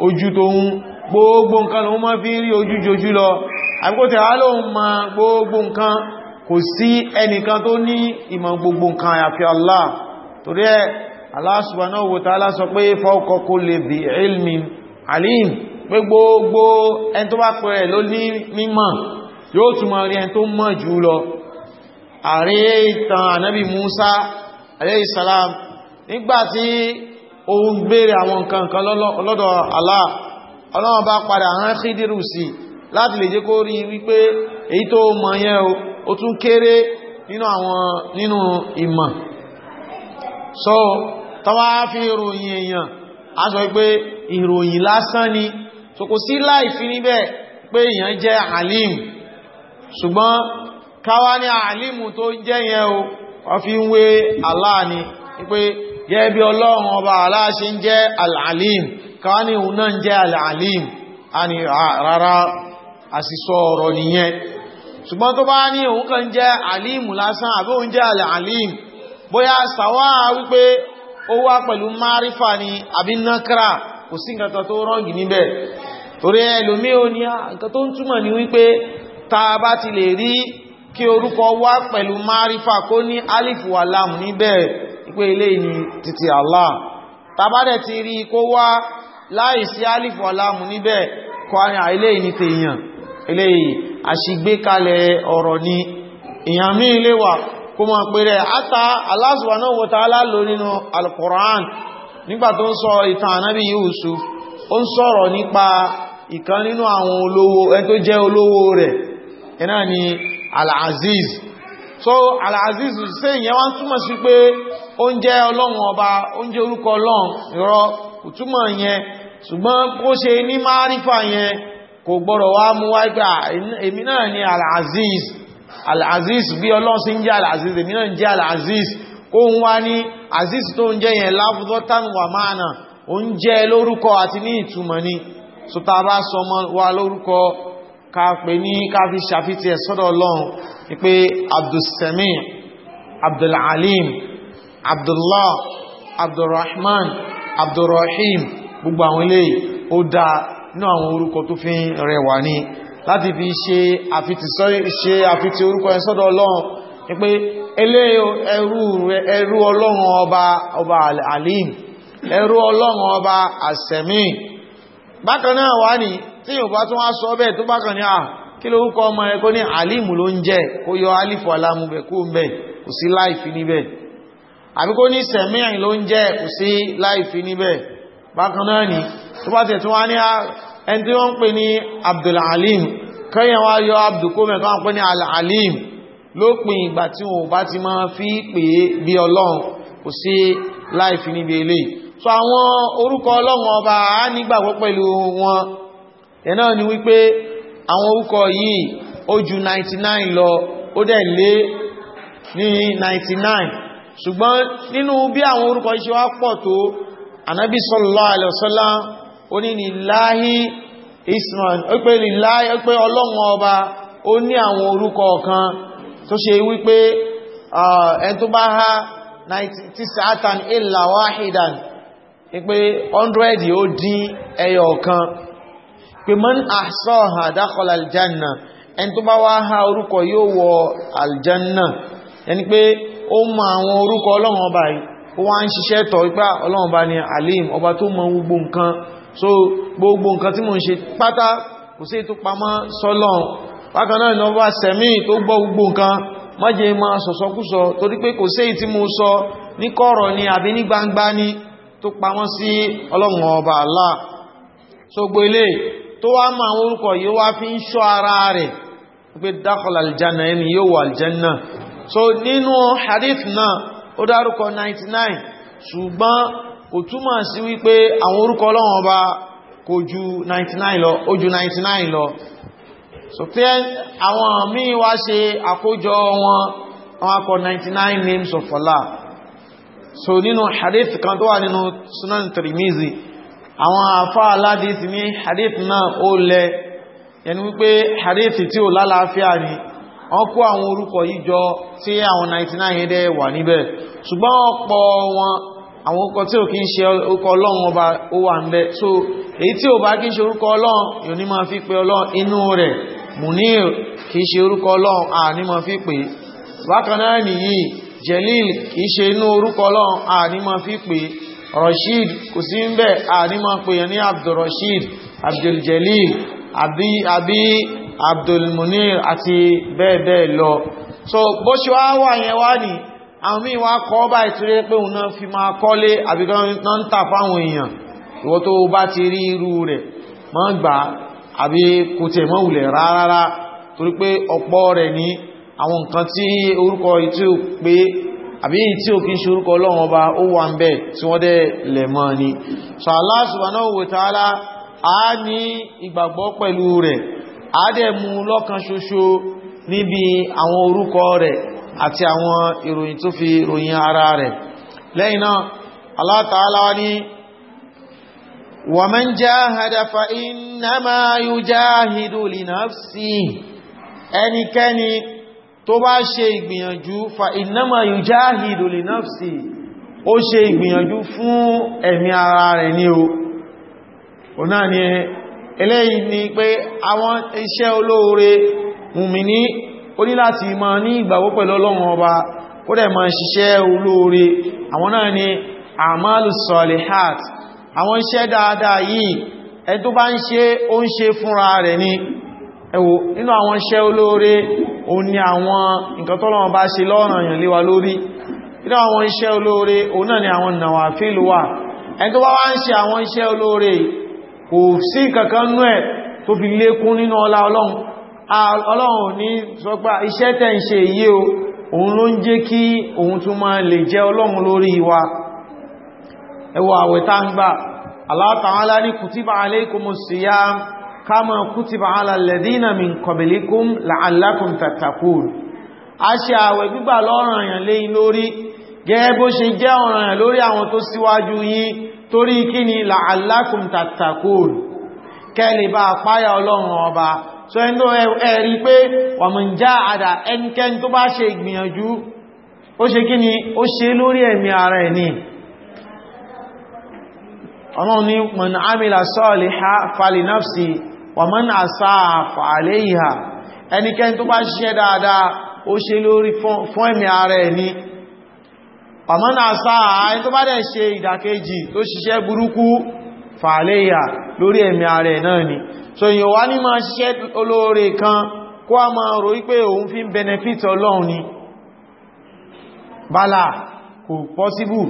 ojú tó ń gbogbo nǹkan lòun máa fi ń rí ojú jojú lọ àbíkótẹ̀ wá lóun ma gbogbo nǹkan kò sí ẹnìkan tó ní ìmọ̀ gbogbo nǹkan àyàfi Allah torí ẹ̀ Allah subhanahu wa ta'ala sọ pé fawqa kulli dhi ilmin alim pé gbogbo ẹni tó bá pẹ̀rẹ̀ ló ní mímọ̀ yóò túnmọ̀ rí ẹni tó mọ̀ jù lọ àrí ìtàn ànábì Musa alayhi salam nígbàtí òun gbére àwọn nǹkan kan lọ́dọ̀ Allah ọlọ́wọ́n bá padà rán Khidiru ìmọ̀ so tọwa fi ìròyìn èèyàn a sọ pé ìròyìn lásán ni so kò sí láì fi níbẹ̀ pé èèyàn jẹ́ alim ṣùgbọ́n káwá ní alimu tó jẹ́ yẹn o wọ́n fi ń wé Allah ni pé gẹ́gẹ́ bí ọlọ́run ọba Allah ṣe ń jẹ́ al-alim káwá ní òun al-alim a ni rárá àsìsọ ọ̀rọ̀ nìyẹn ṣùgbọ́n tó bá ní òun kàn jẹ́ alimu lásán àbí òun jẹ́ al-alim bóyá sàwá wípé ó wá pẹ̀lú márífà ni àbí nákàrà kò sí tó rọ́ǹgì níbẹ̀ torí ẹlòmí ní nǹkan tó ń túnmọ̀ ní wípé ta bá ti lè rí kí orúkọ wá pẹ̀lú márífà kó ní alifu alam níbẹ̀ wípé ilé títí ta bá dẹ̀ ti alam níbẹ̀ ilé tèèyàn ilé ni kó mọ̀ pẹ̀rẹ̀ àtà Allah subhanahu wa ta'ala lò nínú al-Qur'an nígbà tó ń sọ ìtàn ànábì Yusuf ó ń sọ̀rọ̀ nípa ìkan nínú àwọn olówó ẹn tó jẹ́ olówó rẹ̀ ẹ̀nà ni al-Aziz so al-Aziz ṣe ìyẹn wá ń túmọ̀ sí pé oúnjẹ ọlọ́run ọba oúnjẹ orúkọ ọlọ́run ìrọ òtúmọ̀ yẹn ṣùgbọ́n kó ṣe ní márífà al-aziz bí ọlọ́run sí ń jẹ́ al-aziz èmi náà ń jẹ́ al-aziz kó ń wá ní aziz tó ń jẹ́ yẹn láfúdọ́tàn wà máa nà ó ń jẹ́ lórúkọ àti ní ìtumọ̀ ni so bá sọ mọ́ wa lórúkọ ká pè ní ká fi ṣàfitì ẹ̀ sọ́dọ̀ ọlọ́run ni pé abdulsami abdulalim abdullah abdulrahman abdulrahim gbogbo àwọn eléyìí ó dáa nínú àwọn láti fi ṣe àfitì orúkọ ẹ sọ́dọ̀ ọlọ́run ní pé elé ẹrú ọlọ́run ọba ọba alim ẹrú ọlọ́run ọba àsẹ̀mí bákanáà wá ní tí yóò bá tún wá sọ bẹ́ẹ̀ tó bákan ní à kí ló kọ́ ọmọ ẹkọ́ ní alimu ló ń jẹ́ kó yọ alifu alamubẹ̀ kó ń bẹ̀ kò sí láìfi níbẹ̀ àbí kó ní sẹ̀mí ló ń jẹ́ kò sí láìfi níbẹ̀ bákanáà ní tó bá tẹ̀ tún wá ní ẹni tí wọ́n ń pè ní abdulalim kẹ́yàn wá yọ abdulkómẹ̀ kan pè ní alalim lópin ìgbà tí wọ́n bá ti máa fi pè é bí ọlọ́run kò sí láìfi níbi eléyìí so àwọn orúkọ ọlọ́run ọba á nígbàgbọ́ pẹ̀lú wọn ẹ̀ ni wípé àwọn orúkọ yìí ó ju 99 lọ ó dẹ̀ lé ní 99 ṣùgbọ́n nínú bí àwọn orúkọ iṣẹ́ wá pọ̀ tó ànábì sallallahu ó ní lìláhí isman ó pé lìláhí ó pé ọlọ́run ọba ó ní àwọn orúkọ ọ̀kan tó ṣe wípé ẹn tó bá há 97 illa wahidan pé 100 ó dín ẹyọ ọ̀kan pé man ahsaha dakhala aljanna ẹn tó bá wá há orúkọ yóò wọ aljanna ẹni pé ó mọ àwọn orúkọ ọlọ́run ọba yìí ó wá ń ṣiṣẹ́ tọ̀ wípé ọlọ́run ọba ni alim ọba tó mọ gbogbo nǹkan so gbogbo nǹkan tí mo ń ṣe pátá kò sí ètò pamọ́ sọ́lọ́n bákan náà ìnáwó àṣẹ̀mí tó gbọ́ gbogbo nǹkan má jẹ́ máa sọ̀sọ́kúsọ torí pé kò sí èyí tí mo sọ ní kọ̀rọ̀ ni àbí ní gbangba ni tó pamọ́ sí ọlọ́run ọba Allah so gbogbo ilé tó wá mọ àwọn orúkọ yìí wá fi ń ṣọ́ ara rẹ̀ pé dákọ̀lá aljanna ẹni yóò wà aljanna so nínú hadith náà ó dárúkọ 99 ṣùgbọ́n kò túmọ̀ sí wípé àwọn orúkọ ọlọ́run ọba kò ju 99 lọ ó 99 lọ so pé àwọn míì wá ṣe àkójọ wọn wọn akọ 99 names of Allah so nínú hadith kan tó wà nínú sunan tirimizi àwọn àfá aládìsí ní hadith náà ó lẹ ẹni wípé hadith tí ó lálàáfíà ni wọ́n kó àwọn orúkọ yìí tí àwọn 99 dẹ̀ wà níbẹ̀ ṣùgbọ́n ọ̀pọ̀ wọn àwọn orúkọ tí ò kí ń ṣe orúkọ ọlọ́run ọba ó wà ń bẹ so èyí tí ò bá kí ń ṣe orúkọ ọlọ́run yóò ní máa fi pè ọlọ́run inú rẹ̀ munir kì í ṣe orúkọ ọlọ́run à ní máa fi pè bákan nìyí jelil kì í ṣe inú orúkọ ọlọ́run à ní máa fi pè rashid kò sí ń bẹ à ní máa pè ní abdulrashid abduljelil àbí àbí abdulmunir àti bẹ́ẹ̀ bẹ́ẹ̀ lọ so bó ṣe wá wà yẹn wá nìyí àwọn míì wá kọ́ bá ìtúrẹ́ pé òun náà fi máa kọ́lé àbíkan náà ń tà fáwọn èèyàn ìwọ tó bá ti rí irú rẹ̀ mọ́ gbà àbí kò tẹ̀ mọ́ wùlẹ̀ rárá torí pé ọ̀pọ̀ rẹ̀ ní àwọn nǹkan tí orúkọ ìtí ò pé àbí tí ò kí ṣe orúkọ ọlọ́run ọba ó wà ń bẹ̀ àti àwọn ìròyìn tó fi ròyìn ara rẹ̀ lẹ́yìn náà Allah Ta'ala ní wa man jahada fa innama yujahidu li nafsihi ẹnikẹ́ni tó bá ṣe ìgbìyànjú fa innama yujahidu li nafsihi ó ṣe ìgbìyànjú fún ẹ̀mí ara rẹ̀ ní o ò náà ni eléyìí ni pé àwọn iṣẹ́ olóore mùmíní ó ní láti máa ní ìgbàgbọ́ pẹ̀lú ọlọ́run ọba ó dẹ̀ máa ṣiṣẹ́ olóore àwọn náà ni àmàlù sọ̀lẹ̀hàt àwọn iṣẹ́ dáadáa yìí ẹ tó bá ń ṣe ó ń ṣe fúnra rẹ̀ ni ẹwò nínú àwọn iṣẹ́ olóore ó ní àwọn nǹkan tọ́lọ́run bá ṣe lọ́rọ̀ yàn lé wa lórí ni àwọn nàwáfílù wà ẹ tó bá wá ń ṣe àwọn iṣẹ́ olóore kò sí kankan nú ẹ̀ tó fi lékún nínú ọlọ́run ní sọpá iṣẹ́ tẹ́ ń ṣe yìí o òun ló ń jẹ́ kí òun tún máa lè jẹ́ ọlọ́run lórí wa ẹwọ àwẹ̀ tá ń gbà Allah ta'ala ní kùtìbà alaykumus siyam kama kùtìbà ala alladhina min qablikum la'allakum tattaqun a ṣe àwẹ̀ kẹ́lẹ̀ bá páyà ọlọ́run ọba so ẹni ẹ̀rí pé wà mọ̀ já àdà ẹnikẹ́ni tó bá ṣe ìgbìyànjú ó ṣe kí ni ó ṣe lórí ẹ̀mí ara ẹ̀ ní ọlọ́run ni amila saliha fali nafsi wà man asaa fa alayha ẹnikẹ́ni tó bá ṣiṣẹ́ dáadáa ó ṣe lórí fún ẹ̀mí ara ẹ̀ ní wà asaa ẹni tó faale lori lórí ara ẹ̀ náà ni so èyàn wá ní máa ṣiṣẹ́ olóore kan kó a máa rò wípé òun fi benefit ọlọ́run ni bala kò possible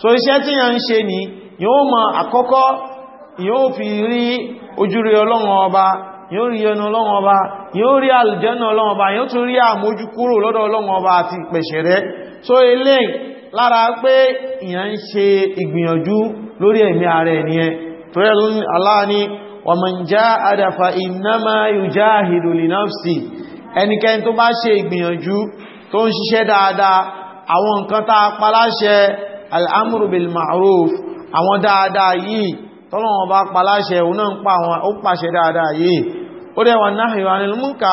so iṣẹ́ tí yàn ń ṣe ní yóò mọ̀ àkọ́kọ́ yóò fi rí ojúre ọlọ́run ọba yóò rí ẹnu ọlọ́run ọba yóò rí àlùjànnà ọlọ́run ọba yóò tún rí àmójú kúrò lọ́dọ̀ ọlọ́run ọba àti pẹ̀ṣẹ̀ rẹ̀ so eléyìí lára pé ìyàn ń ṣe ìgbìyànjú lórí ẹ̀mí ara ẹ̀ nìyẹn torí Allah ni ومن جاهد فإنما يجاهد لنفسه ẹnikẹ́ni tó bá ṣe ìgbìyànjú tó ń ṣiṣẹ́ dáadáa àwọn nǹkan tá a paláṣẹ al'amuru bil ma'ruf àwọn dáadáa yìí tọ́lọ̀wọ̀n bá paláṣẹ òun ń pa àwọn ó pàṣẹ dáadáa yìí ó dẹ̀ wà náà ìwà nílùú múnkà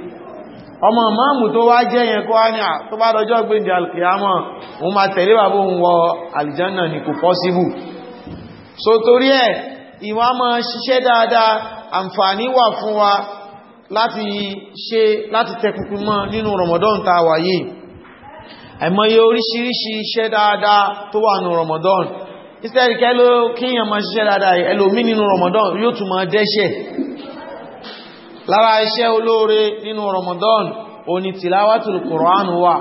ọmọ máàmù tó wá jẹ́ yẹn kó wá ní à tó bá dọjọ́ pé ní alkiyama òun máa tẹ̀lé bàbá òun wọ alìjánà ní kò pọ́síbù so torí ẹ̀ ìwà máa ṣiṣẹ́ dáadáa àǹfààní wà fún wa láti ṣe láti tẹkùnkùn mọ́ nínú Ramadan ta wà yìí àìmọye oríṣiríṣi iṣẹ́ dáadáa tó wà nínú Ramadan ìsẹ́rìkẹ́ ló kíyàn máa lára iṣẹ́ olóore nínú Ramadan òní tìláwàtù Qur'an wà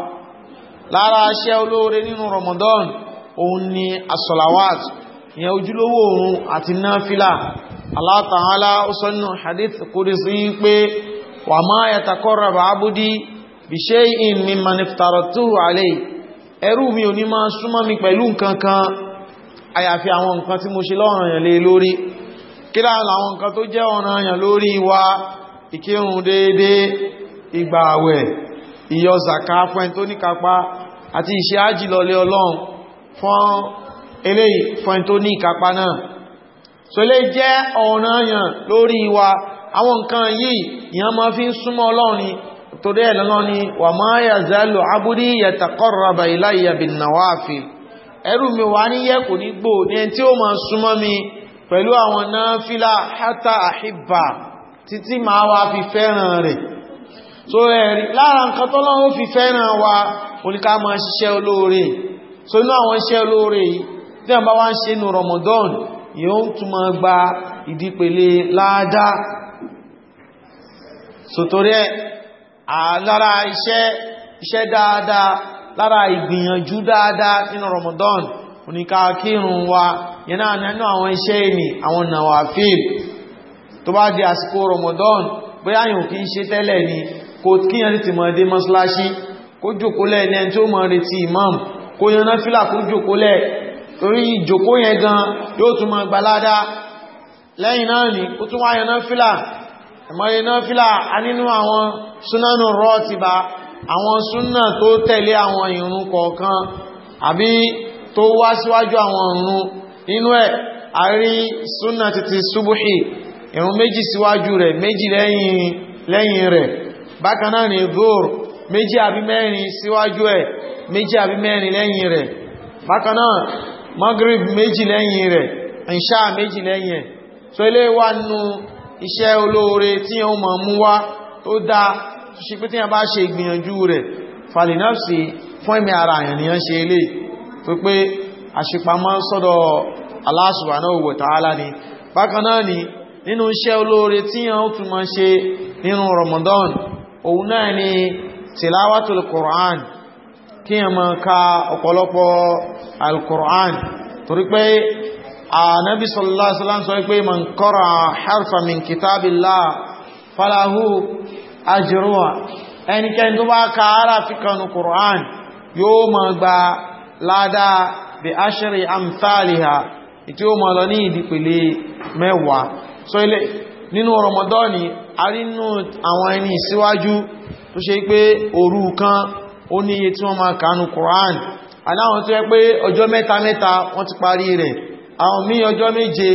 lára iṣẹ́ olóore nínú Ramadan òun ni asọ̀làwàt ìyẹn ojúlówó òun àti náfílà Allah ta'ala ó sọ nínú hadith qudsi pé wa ma yataqarraba abdi bi shay'in mimma iftaratuhu alayhi ẹrú mi ò ní máa súnmọ́ mi pẹ̀lú nǹkan kan àyàfi àwọn nǹkan tí mo ṣe lọ́ranyàn lé lórí kí àwọn nǹkan tó jẹ́ ọ̀ranyàn lórí wa ìkírun déédé ìgbà àwẹ̀ ìyọ zaka fún ẹni tó ní kápá àti iṣẹ́ ájì lọlé ọlọ́run fún eléyìí fún ẹni tó ní kápá náà so lè jẹ́ ọ̀ranyàn lórí wa àwọn nǹkan yìí ìyàn máa fi ń súnmọ́ ọlọ́run ni torí ẹ̀ lọ́nà ni wà máa yà zálù abúdí yataqarraba ilayya ẹrù mi wà ní yẹ́ kò ní gbò ní ẹni tí ó máa súnmọ́ mi pẹ̀lú àwọn náfílà hátà àhíbà títí máa wá fi fẹ́ràn rẹ̀ so ẹ̀rí lára nǹkan tọ́lọ́run fi fẹ́ràn wa oníká máa ṣiṣẹ́ olóore so inú àwọn iṣẹ́ olóore yìí tí wọ́n bá wá ń ṣe nù Ramadan yóò ń túnmọ̀ gba ìdípele láadáa sòtòrí ẹ̀ lára iṣẹ́ iṣẹ́ dáadáa lára ìgbìyànjú dáadáa nínú Ramadan oníká kírun wa yẹn náà nínú àwọn iṣẹ́ ìní àwọn nàwàfíì tó bá di àsìkò Ramadan bóyá yìí kí ń ṣe tẹ́lẹ̀ ni kò kíyàn ti mọ̀ dé mọ́sálásí kó jòkólẹ̀ ní ẹni tó mọ̀ retí imam kó yan náfílà kó jòkólẹ̀ torí ìjòkó yẹn gan yóò tún mọ̀ gbalada lẹ́yìn náà ni ó tún wá yan náfílà ẹ̀mọ́rin náfílà a nínú àwọn súnánù rọ́ọ̀tìbá àwọn súnà tó tẹ̀lé àwọn ìrun méjì síwájú rẹ̀ méjì lẹ́yìn rẹ̀ bákan náà ni dhur méjì àbí mẹ́rin síwájú ẹ̀ méjì àbí mẹ́rin lẹ́yìn rẹ̀ bákan náà maghrib méjì lẹ́yìn rẹ̀ ìṣá méjì lẹ́yìn ẹ̀ so ilé wà nú iṣẹ́ olóore tí yẹn mọ̀ mú wá tó dá tó tí yẹn falinafsi fún ẹ̀mí ni yẹn ṣe ilé tó pé àṣepamọ́ sọ́dọ̀ Allah subhanahu ni nínú iṣẹ́ olóore tí yàn ó tún máa ṣe nínú Ramadan òun náà ni tilawatul Qur'an kí yàn máa ka ọ̀pọ̀lọpọ̀ al-Qur'an torí pé ànábì sallallahu alaihi wasallam sọ pé man qara'a harfan min kitabillah falahu ajruhu ẹnikẹ́ni tó bá ka harafi kan nínú Qur'an yóò máa gba ládàá bí ashri amthaliha ìtí ó máa lọ ní ìdípele mẹ́wàá sọ ilé nínú Ramadani a rí nínú àwọn ẹni síwájú tó ṣe pé òru kan ó ní iye tí wọ́n máa kànú Quran aláwọn tó yẹ pé ọjọ́ mẹ́ta mẹ́ta wọ́n ti parí rẹ̀ àwọn míì ọjọ́ méje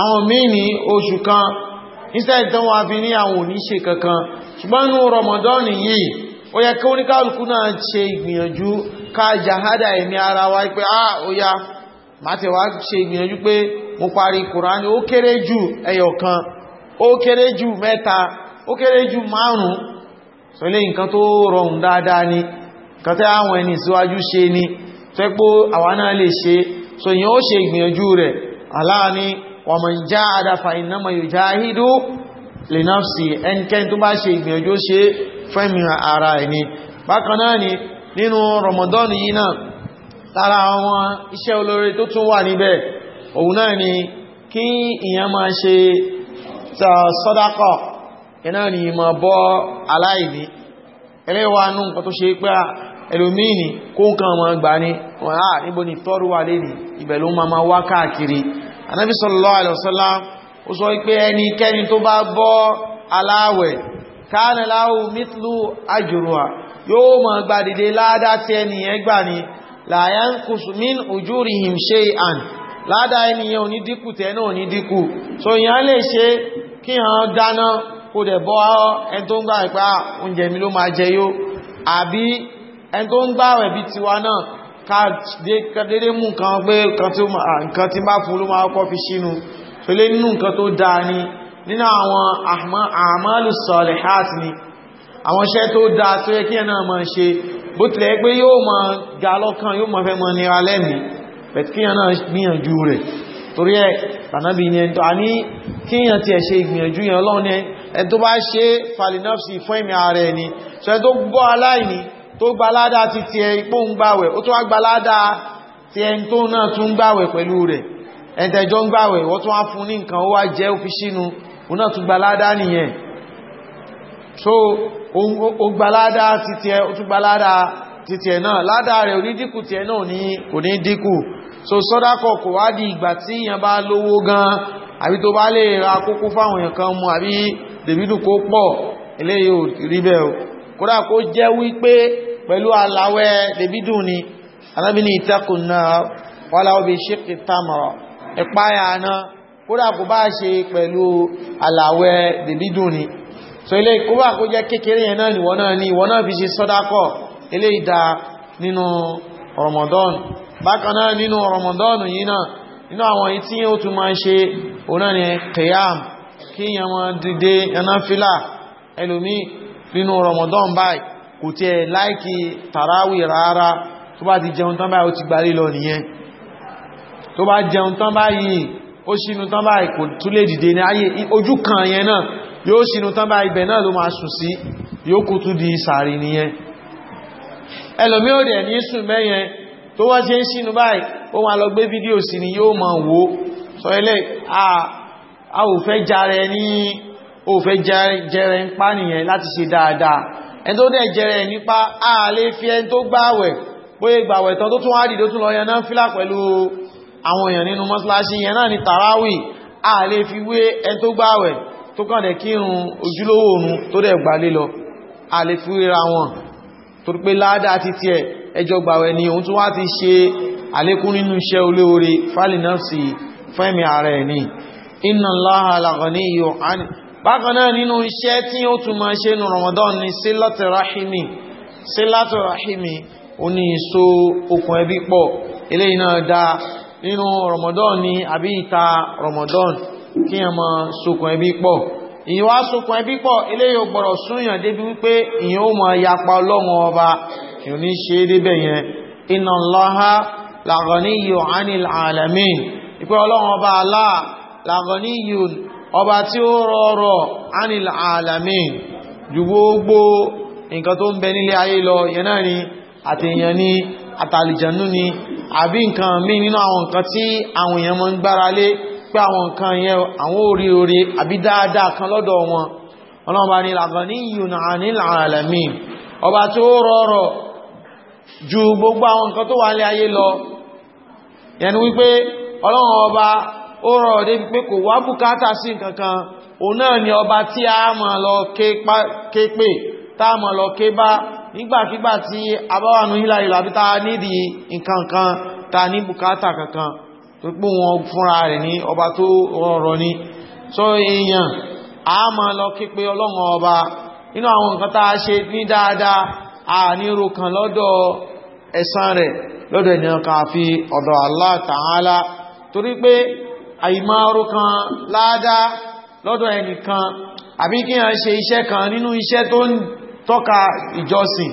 àwọn míì ní oṣù kan instead tán wọ́n fi ní Ramadani yìí ó yẹ kí oníkálukú náà ṣe ìgbìyànjú ká jahada ẹ̀mí ara ah ó yá máa tẹ̀wàá ṣe mo parí kùránì ó kéré jù ẹyọ̀kan ó kéré jù mẹ́ta ó kéré jù márùn-ún so ilé nǹkan tó rọrùn dáadáa ni kan tẹ́ àwọn ẹni síwájú ṣe ni tẹ́ pó àwa náà lè ṣe so yẹn ó ṣe ìgbìyànjú rẹ̀ aláàní wa man jahada fa innama yujahidu li nafsi ẹnikẹ́ni tó bá ṣe ni nínú Ramadan yìí náà lára àwọn iṣẹ́ olóore òun náà ni kí ìyàn máa ṣe sọ́dákọ̀ iná ni ma bọ́ aláìní ẹlẹ́wà nù nǹkan tó ṣe pé ẹlòmíìnì kó nǹkan ma gbà ní wọ́n á níbo ni tọ́rù wà lè ní ibẹ̀ ló ma ma wá káàkiri anábí sallallahu alaihi wasallam ó sọ pé ẹnikẹ́ni tó bá bọ́ aláwẹ̀ ládá ènìyàn ò ní díkù tẹ́ ò ní díkù so èèyàn lè ṣe kí hàn dáná kò dẹ̀ bọ́ ẹn tó ń gbà ìpá ah, oúnjẹ mi ló máa jẹ yó àbí ẹn tó ń gbà rẹ̀ bí tiwa náà ká mú nǹkan pé nǹkan tí bá fún ló máa kọ́ fi sínú so lé nínú nǹkan tó dáa ni nínú àwọn àmàlù salihat ni àwọn iṣẹ́ tó dáa tó yẹ kí ẹ náà máa ṣe bó tilẹ̀ pé yóò bẹ̀tíyàn náà gbìyànjú rẹ̀ torí ẹ̀ tànábì ní ẹ̀ntọ́ àní kíyàn ti ẹ̀ṣe ìgbìyànjú tó bá falinafsi fún ẹ̀mí ààrẹ ni ṣe tó gbọ́ aláìní tó gbaládá ti ti ẹ ipò ń gbàwẹ̀ ó tó wá gbaládá ti ẹ tó náà tún gbàwẹ̀ pẹ̀lú rẹ̀ ẹ̀ntẹ̀jọ́ ń gbàwẹ̀ wọ́n tún wá fún ní nǹkan ó wá jẹ́ ó fi sínú ó náà tún gbaládá nìyẹn so ó gbaládá ti ti ẹ ó tún gbaládá ti ti ẹ náà ládá rẹ̀ so sọ́dákọ̀ kò wá di ìgbà tí èèyàn bá lówó gan àbí tó bá lè ra kókó fáwọn èèyàn kan mu àbí dèbídù kó pọ̀ eléyìí ò rí bẹ́ẹ̀ o kódà kó jẹ́ wípé pẹ̀lú aláwẹ́ dèbídù ni Ànábì ìtẹ́kùn náà wọ́lá obì ṣíkì tamara ìpáyà náà kódà kó bá ṣe pẹ̀lú aláwẹ́ dèbídù ni so ilé kóbà kó jẹ́ kékeré yẹn náà ni wọ́n náà ni wọ́n náà fi ṣe sọ́dákọ̀ eléyìí dá nínú Ramadan bákanáà nínú Ramadan yìí náà nínú àwọn yìí tí ó tún máa ṣe ọ̀nà ni qiyam kí yẹn dìde yanáfílà Ramadan báyìí kò tí ẹ láìkí tàráwì rárá tó bá ti jẹun tán báyìí ó ti gbárí lọ nìyẹn tó bá jẹun tán báyìí ó ṣínú tán báyìí kò tún lè dìde ní ayé ojú kan yẹn náà yóò ṣínú tán ibẹ̀ náà ló máa sùn sí yóò kú tún di sàárì nìyẹn ẹlòmí ò dẹ̀ ní sùn mẹ́yẹn tó wọ́n ṣe ń sínú báyìí ó wọ́n lọ gbé fídíò sí ni yóò máa wò sọ ilẹ̀ a ò fẹ́ jàre ní ò fẹ́ jẹrẹ ń pá nìyẹn láti ṣe dáadáa ẹni tó dẹ̀ jẹrẹ nípa a lè fi ẹni tó gbàwẹ̀ bóyá gbàwẹ̀ tán tó tún wá dìde tún lọ yẹn náà fílà pẹ̀lú àwọn èèyàn nínú mọ́ṣáláṣí yẹn náà ni tàràwì a lè fi wé ẹni tó gbàwẹ̀ tó kàn dẹ̀ kírun ojúlówó òun tó dẹ̀ gbà lé lọ a fi wéra wọn torí ládàá ti tiẹ̀ ẹjọ́ gbàwẹ̀ ni òun tún wá ti ṣe àlékún nínú iṣẹ́ olóore fálìnàfsì fẹ́mi ààrẹ ní inna Allaha al-ghaniyyu àní bákan náà nínú iṣẹ́ tí ó tún máa ṣe ní Ramadan ni sílátì rahimi sílátì rahimi ó ní so okùn ẹbí pọ̀ eléyìí náà dá nínú Ramadan ni àbí ìta Ramadan kí a máa sokùn ẹbí pọ̀ ìyíwá sokùn ẹbí pọ̀ eléyìí ò gbọ́dọ̀ súnyàn débi wípé ìyẹn ó máa yapa Ọlọ́run ọba èyàn ní ṣe débẹ̀ yẹn inna Allaha la ghaniyyun 'anil 'alamin ìpẹ́ ọlọ́run ọba Allah la ghaniyyun ọba tí ó rọrọ̀ 'anil 'alamin ju gbogbo nǹkan tó ń bẹ nílé ayé lọ yẹn náà ni àti èèyàn ni àtàlìjànú ni àbí nǹkan mí nínú àwọn nǹkan tí àwọn èèyàn mọ́ ń gbára lé pé àwọn nǹkan yẹn àwọn orí orí àbí dáadáa kan lọ́dọ̀ wọn ọlọ́ọ̀bá ni làgbà ní yùnà ànílà àlàmì ọba rọrọ̀ ju gbogbo àwọn nǹkan tó wà ní ayé lọ yẹni wípé ọlọ́run ọba ó rọ̀ débi pé kò wá bùkátà sí nǹkankan òun náà ni ọba tí a máa lọ ké pè tá a máa lọ ké bá nígbàkígbà tí a bá wà ní hílàrí làbí tá a nídìí nǹkankan ní bùkátà kankan tó pé wọn fúnra rẹ̀ ní ọba tó rọrọ ni so èèyàn a máa lọ ké pé ọlọ́run ọba nínú àwọn nǹkan tá a ṣe ní dáadáa àníro kan lọ́dọ̀ ẹ̀san rẹ̀ lọ́dọ̀ ènìyàn kan fi ọ̀dọ̀ Allah Ta'ala torí pé àìmáàrú kan láádá lọ́dọ̀ ẹnìkan àbí kí a ṣe iṣẹ́ kan nínú iṣẹ́ tó ń tọ́ka ìjọsìn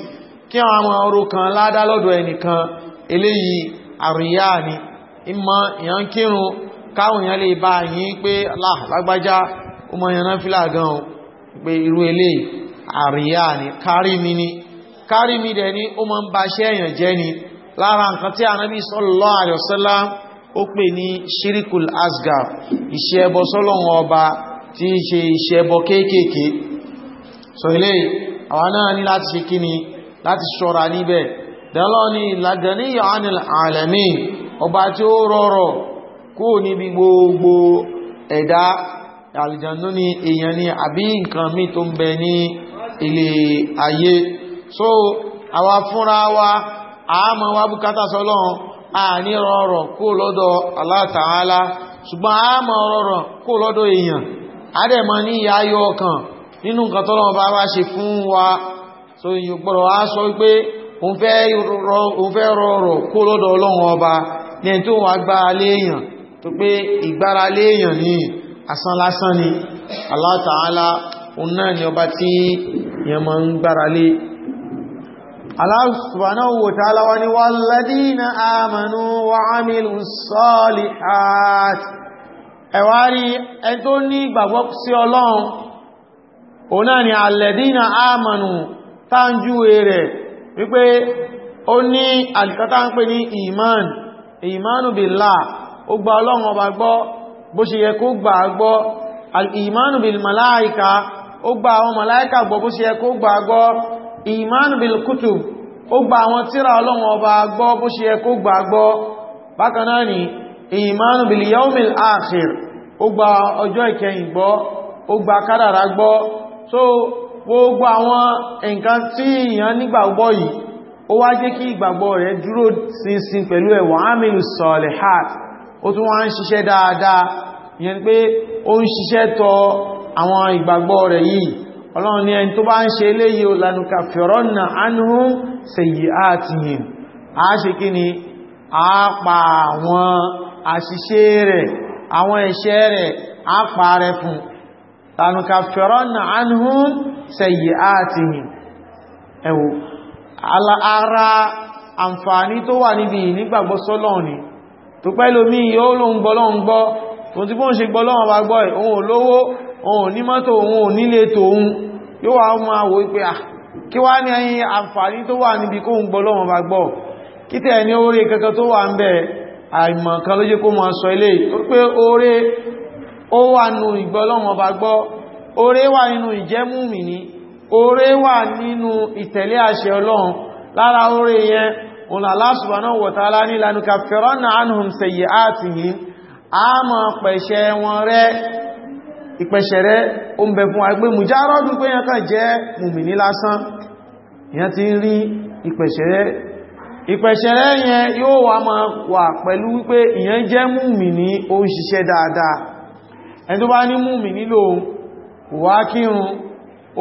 kí a máa oró kan láádá lọ́dọ̀ ẹnìkan eléyìí àríyá ni ìmọ̀ ìyàn àríyá ni kárí mi ni kárí mi dẹ̀ ní ó máa ń ba iṣẹ́ èèyàn jẹ́ ni lára nǹkan tí ànábì sallallahu alaihi wasallam ó pè ní shirikul asgar iṣẹ́ ẹbọ sọ́lọ́run ọba tí í ṣe iṣẹ́ ẹbọ kéékèèké sọ ilé àwọn náà ní láti ṣe kíni láti ṣọ́ra níbẹ̀ dẹ́lọ́ ni ìlàgàníyàn ilé ayé so àwa fúnra wa àmọ́ wa bùkátà sọ́lọ́run àní rọrọ̀ kó lọ́dọ̀ Allah Ta'ala ṣùgbọ́n àmọ́ rọrọ̀ kó lọ́dọ̀ èèyàn àdẹ̀mọ́ ní ìyá ọkàn nínú nǹkan tọ́lọ́run bá ṣe fún wa so èèyàn gbọ́dọ̀ wá sọ wípé òun fẹ́ rọrọ̀ kó lọ́dọ̀ ọlọ́run ọba ní ẹni tó wà ni Allah Ta'ala òun náà ni ọba tí èèyàn gbára lé Allah subhanahu wa ta'ala wani walladina amanu wa amilu salihat ẹ̀wà rí ẹ tó ní gbàgbọ́ sí ọlọ́run òun náà ni alladina amanu tánjú rẹ̀ wípé ó ní àdìkátá ń pè ní iman imanu billah ó gba ọlọ́run ọba gbọ́ bó ṣe yẹ kó gbà gbọ́ imanu bil malaika ó gba àwọn malaika gbọ́ bó ṣe yẹ kó gbà gbọ́ ìmánù bil kutub ó gba àwọn tíra ọlọ́run ọba gbọ́ bó ṣe yẹ kó gbà gbọ́ bákan náà ni ìmánù bil yawmil akhir ó gba ọjọ́ ìkẹyìn gbọ́ ó gba kádàrá gbọ́ so gbogbo àwọn nǹkan tí èèyàn nígbàgbọ́ yìí ó wá jẹ́ kí ìgbàgbọ́ rẹ̀ dúró ṣinṣin pẹ̀lú ẹ̀wọ̀ amílù salihat ó tún wá ń ṣiṣẹ́ dáadáa ìyẹn pé ó ń ṣiṣẹ́ tọ àwọn ìgbàgbọ́ rẹ̀ yìí ọlọ́run ní ẹni tó bá ń ṣe eléyìí o lánúkà fẹ̀rọ́nà ánúhù sẹ̀yí àtìyìn a ṣe kí ni a pa àwọn àṣìṣe rẹ̀ àwọn ẹ̀ṣẹ̀ rẹ̀ a pa rẹ̀ fún lánúkà fẹ̀rọ́nà ánúhù sẹ̀yí àtìyìn ẹ̀wò ara àǹfààní tó wà níbi nígbàgbọ́ sọ́lọ́run òun ní mọ́tò òun ò nílé tòun yóò wá máa wò pé à ah, kí wá ní ẹyin àǹfààní tó wà níbi kóhun gbọ́ lọ́wọ́ bá gbọ́ kí tẹ́ ẹni oore kankan tó wà ń bẹ̀ àìmọ̀ kan ló jẹ́ kó máa sọ ilé tó pé oore ó wà nínú ìgbọ́ lọ́wọ́ bá gbọ́ oore wà ìpẹ̀ṣẹ̀rẹ́ o ń bẹ fún àìpé mùjárọ́dún pé yẹn kàn jẹ́ mùmìní lásán ìyẹn ti ń rí ìpẹ̀ṣẹ̀rẹ́ ìpẹ̀ṣẹ̀rẹ́ yẹn yóò wà máa wà pẹ̀lú wípé ìyẹn jẹ́ mùmìní ó ń ṣiṣẹ́ dáadáa ẹni tó bá ní mùmìní lòun kò wá kírun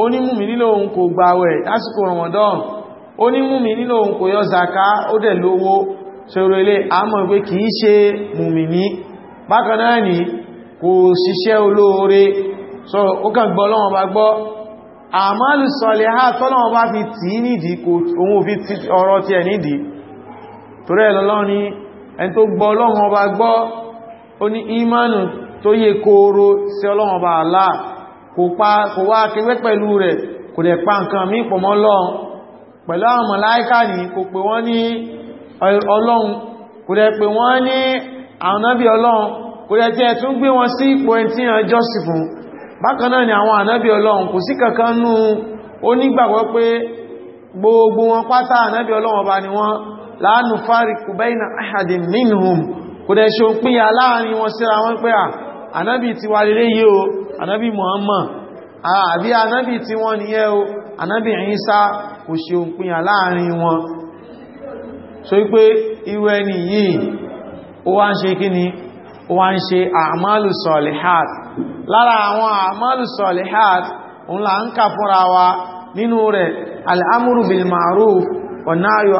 ó ní mùmìní lòun kò gbàwẹ̀ lásìkò rọ̀mọ̀dán ó ní ni kò ṣiṣẹ́ olóore so ó kàn gbọ́ lọ́wọ́ bá gbọ́ àmálù sọlẹ̀ ha tọ́lọ́wọ́ bá fi tí nídìí kò ohun fi tí ọ̀rọ̀ tí ẹ̀ nídìí torí ẹ̀ lọ́lọ́ni ẹni tó gbọ́ pa nǹkan mí pọ̀ mọ́ lọ́n pẹ̀lú àwọn màláíkà ní kò pè wọ́n ní ọlọ́run kò dẹ̀ pè wọ́n ní àwọn nábì ọlọ́run kò yẹ tí ẹ tún gbé wọn sí ipò ẹn tí yàn jọ́sì fún bákan náà ni àwọn ànábì ọlọ́run kò sí kankan nú onígbàgbọ́ pé gbogbo wọn pátá ànábì ọlọ́run ọba ni wọ́n láàánú fárí kù bẹ́ẹ̀nà àhàdì minhum kò dẹ̀ ṣe òpinya láàrin wọn síra wọn pé à ànábì ti wà lérè yìí o o ànábì so wípé irú ẹni yìí ó wá ń ṣe kí ni ó ṣe àmàlù sọ̀lẹ̀hàt lára àwọn àmàlù sọ̀lẹ̀hàt òun là ń kà fúnra wa nínú rẹ̀ al'amuru bil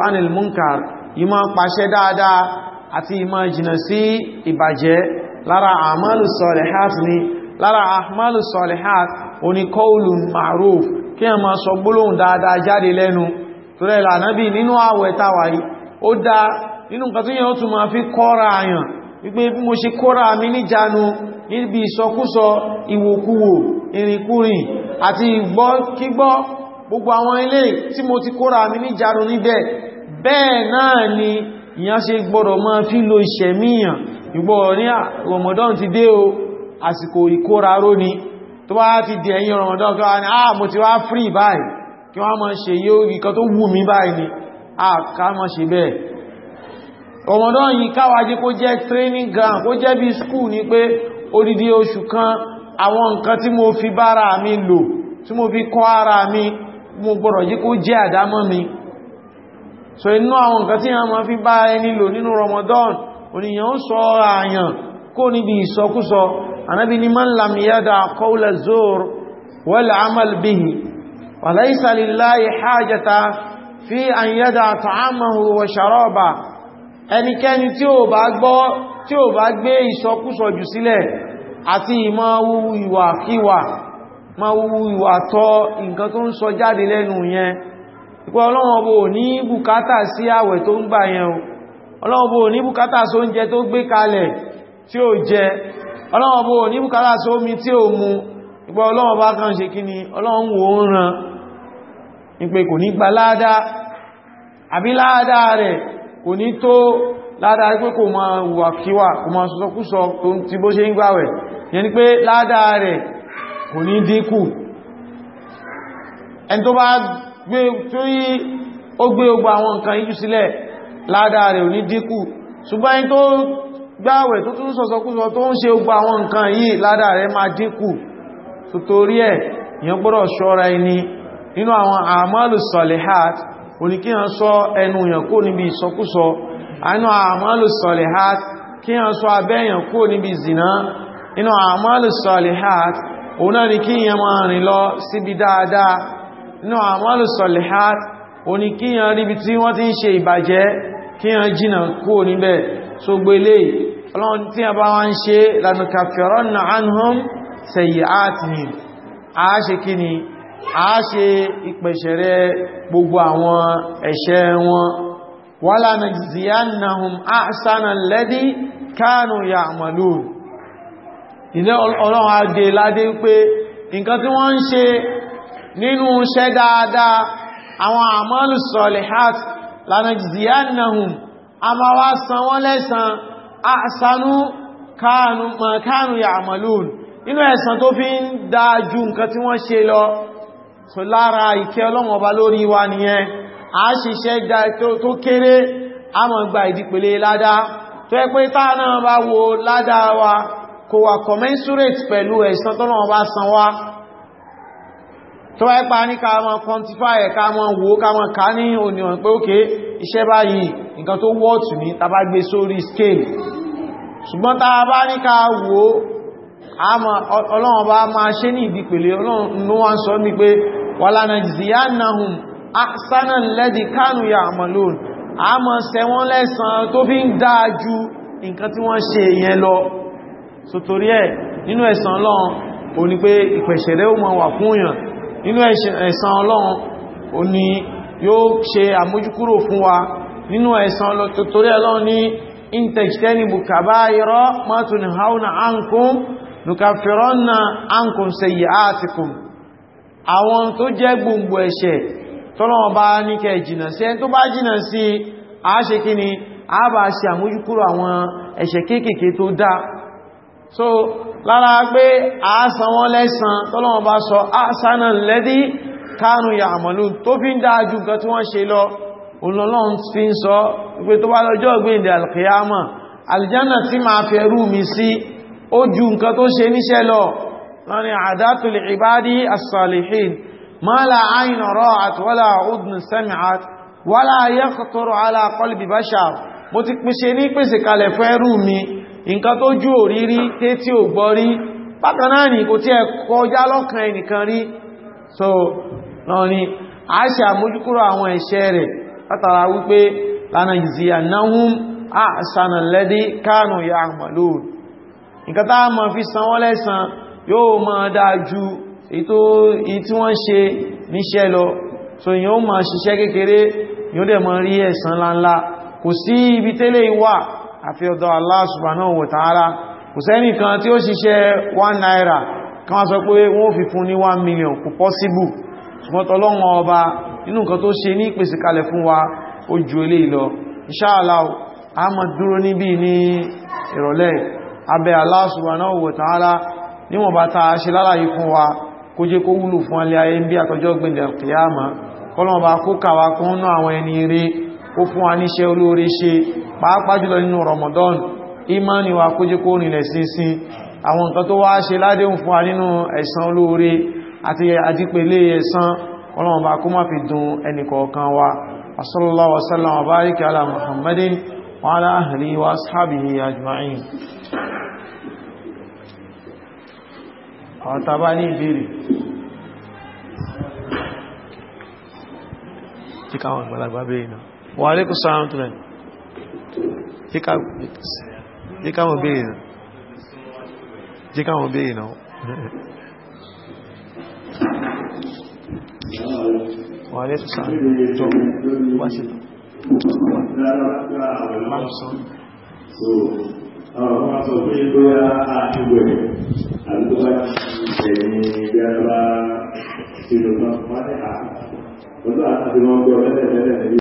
anil munkar ìmọ̀ pàṣẹ dáadáa àti ìmọ̀ jìnà sí ìbàjẹ́ lára ni lára a máa sọ gbólóhùn dáadáa jáde lẹ́nu nínú àwẹ̀ wípé bí mo ṣe kóra mi níjànú níbi ìsọkúsọ ìwòkúwò ìrìnkúrìn àti ìgbọ́ kígbọ́ gbogbo àwọn ilé tí mo ti kóra mi níjànú níbẹ̀ bẹ́ẹ̀ náà ni ìyàn ṣe gbọ́dọ̀ máa fi lo ìṣẹ̀míyàn ìgbọ́rọ̀ ní Ramadan ti dé o àsìkò ìkóra ah mo free báyìí kí wọ́n máa ṣe ah ká máa Ramadan yìí káwàájí kó jẹ́ training ground kó jẹ́ bí school ní pé odidi oṣù kan àwọn nǹkan tí mo fi bára mi lò tí mo fi kọ́ ara mi mo gbọ́dọ̀ jí kó jẹ́ àdámọ́ mi so inú àwọn nǹkan tí a máa fi bá ẹni lò nínú Ramadan oníyàn sọ àyàn kó níbi ìsọkúsọ anábi ni man lam yada qawla zur wal amal bihi wa laysa lillahi hajata ẹnikẹ́ni tí ó bá gbọ́ tí ó bá gbé ìṣọkúsọ jù sílẹ̀ àti ìmọ̀ wúwú ìwà kíwà ma wúwú ìwà tọ́ nǹkan tó ń sọ jáde lẹ́nu yẹn ipò ọlọ́wọ́n bò ní bùkátà sí àwẹ̀ tó ń gbà yẹn o mu ipò ọlọ́wọ́n bá kàn ṣe kí ni ọlọ́wọ́n wò ó ràn ìpè kò ní gba láádá àbí láádá rẹ̀ kò ní tó ládàá pé kò máa wà kíwà kò máa sọ́sọ́kúsọ tó ti bó ṣe ń gbàwẹ̀ yẹn ni pé ládàá rẹ̀ kò ní dínkù ẹni tó bá gbé tó yí ó gbé ogbà àwọn nǹkan yíjú sílẹ̀ ládàá rẹ̀ ò ní dínkù ṣùgbọ́n ẹni tó gbàwẹ̀ òní kí a sọ ẹnu èèyàn kó níbi ìsọkúsọ àánú àmàlù sọ̀lẹ̀hát kí a sọ abẹ́ èèyàn kó níbi zìnà inú àmàlù sọ̀lẹ̀hát òun ni kí èèyàn máa rìn lọ síbi dáadáa inú àmàlù sọ̀lẹ̀hát òní kí èèyàn ríbi tí wọ́n ti ń ṣe ìbàjẹ́ kí anhum sẹ̀yí àtìyìn àá a ṣe ìpẹ̀ṣẹ̀rẹ̀ gbogbo àwọn ẹ̀ṣẹ̀ wọn wala najziyannahum ahsana alladhi kanu ya'malun ilé ọlọ́run adé ládé pé nǹkan tí wọ́n ń ṣe nínú iṣẹ́ dáadáa àwọn àmọ́lù salihat lanajziyannahum a ma wá san wọ́n lẹ́san ahsanu kanu ya'malun nínú ẹ̀san tó fi ń dáa ju nǹkan tí wọ́n ṣe lọ so lára ìkẹ́ ọlọ́run ọba lórí wa nìyẹn a ṣiṣẹ́ dá tó kéré a mọ̀ gba ìdípele ládá tó ẹ pé táà náà bá wo ládá wa kò wà commensurate pẹ̀lú ẹ̀san tọ́lọ́run ọba san wá tó wáyé pa ní ká mọ́ quantify ẹ̀ ká mọ́ wo ká mọ́ ká ní òníwọ̀n pé ókè iṣẹ́ báyìí nǹkan tó wọ́ọ̀tù ní tàbá gbé sórí scale ṣùgbọ́n tá a bá ní ká wo ọlọ́run ọba máa ṣe ní ìdípele ọlọ́run ló wá ń sọ ní pé wàlá najziyannahum ahsana alladhi kanu ya'malun a mọ̀ sẹ́wọ́n lẹ́sàn tó fi ń dáa ju nǹkan tí wọ́n ṣe yẹn lọ so torí ẹ̀ nínú ẹ̀san Ọlọ́run ó ní pé ìpẹ̀ṣẹ̀rẹ́ ó mọ̀ wà fún èèyàn nínú ẹ̀san Ọlọ́run ó ní yóò ṣe àmójúkúrò fún ankum nukaffiranna ankum àwọn tó jẹ́ gbogbo ẹ̀ṣẹ̀ tọ́lọ́wọ́n bá ní kẹ jìnà sí ẹni tó bá jìnà sí a ṣe kí ni a bá ṣe àmójúkúrò àwọn ẹ̀ṣẹ̀ kéékèèké tó dá so lára pé a san wọ́n lẹ́san tọ́lọ́wọ́n bá sọ a sánà lẹ́dí kánú ya àmọ̀lú tó fi ń dáa ju nǹkan tí wọ́n ṣe lọ olọ́lọ́run fi ń sọ pé lọ wọ́n ni àdátù lè ìbádí as-salihin ma la ayn ra'at wala udn sami'at wala yaqturu ala qalbi bashar mo ti pèsè ní pèsè kalẹ̀ fún mi nǹkan tó jú òrírí té tí ò gbọ́ rí bákan náà kò tí ẹ so náà ni a ṣe àmójúkúrò àwọn ẹ̀ṣẹ̀ rẹ̀ látara wípé lánà ìzìyà náhùn àṣànà lẹ́dí yóò máa dáa ju ètò tí wọ́n ṣe níṣẹ́ lọ so yíò máa ṣiṣẹ́ kékeré yóò dẹ̀ máa rí ẹ̀san láńlá kò sí ibi tẹ́lẹ̀ ìwà àfi ọ̀dọ̀ Allah subhanahu wa ta'ala kò sẹ́ni kan tí ó ṣiṣẹ́ 1 naira kan wá sọ pé wọ́n fi fún ní 1 million kò pọ́síbù ṣùgbọ́n tọ́lọ́wọ́n ọba nínú nǹkan tó ṣe ní ìpèsè kalẹ̀ fún ó ju eléyìí lọ Insha Allah a máa dúró níbí ní ìrọ̀lẹ́ abẹ́ Allah subhanahu wa ta'ala níwọ̀n bá ta ṣe lálàyé fún wa kó jẹ́ kó wúlò fún alẹ́ ayé ń bí àtọjọ́ gbìndẹ̀ kìyàmá kọ́lọ́n bá kó kàwà kún náà àwọn ẹni rí ó fún wa níṣẹ́ olóore ṣe pàápàá jùlọ nínú Ramadan imani wa kó jẹ́ kó rìnlẹ̀ sínsín àwọn nǹkan tó wá ṣe ládéhùn fún wa nínú ẹ̀san olóore àti àdípele ẹ̀san wa sallallahu wa wa barika wa ala ahlihi wa ashabihi ajma'in àwọn tàbá ní ìbéèrè tí káwọn àgbàlagbà béèrè náà wà alékù sáàrùn tó rẹ̀ tí káwọn béèrè náà tí káwọn béèrè náà wà alékù sáàrùn tó wá sí àwọn ọmọ sọ pé bóyá àtúgbò ẹ̀ àdúgbò bá ti ẹ̀yìn bí a bá ti lò náà wọ́n ní àti wọn gbọ́ lẹ́lẹ́lẹ́lẹ́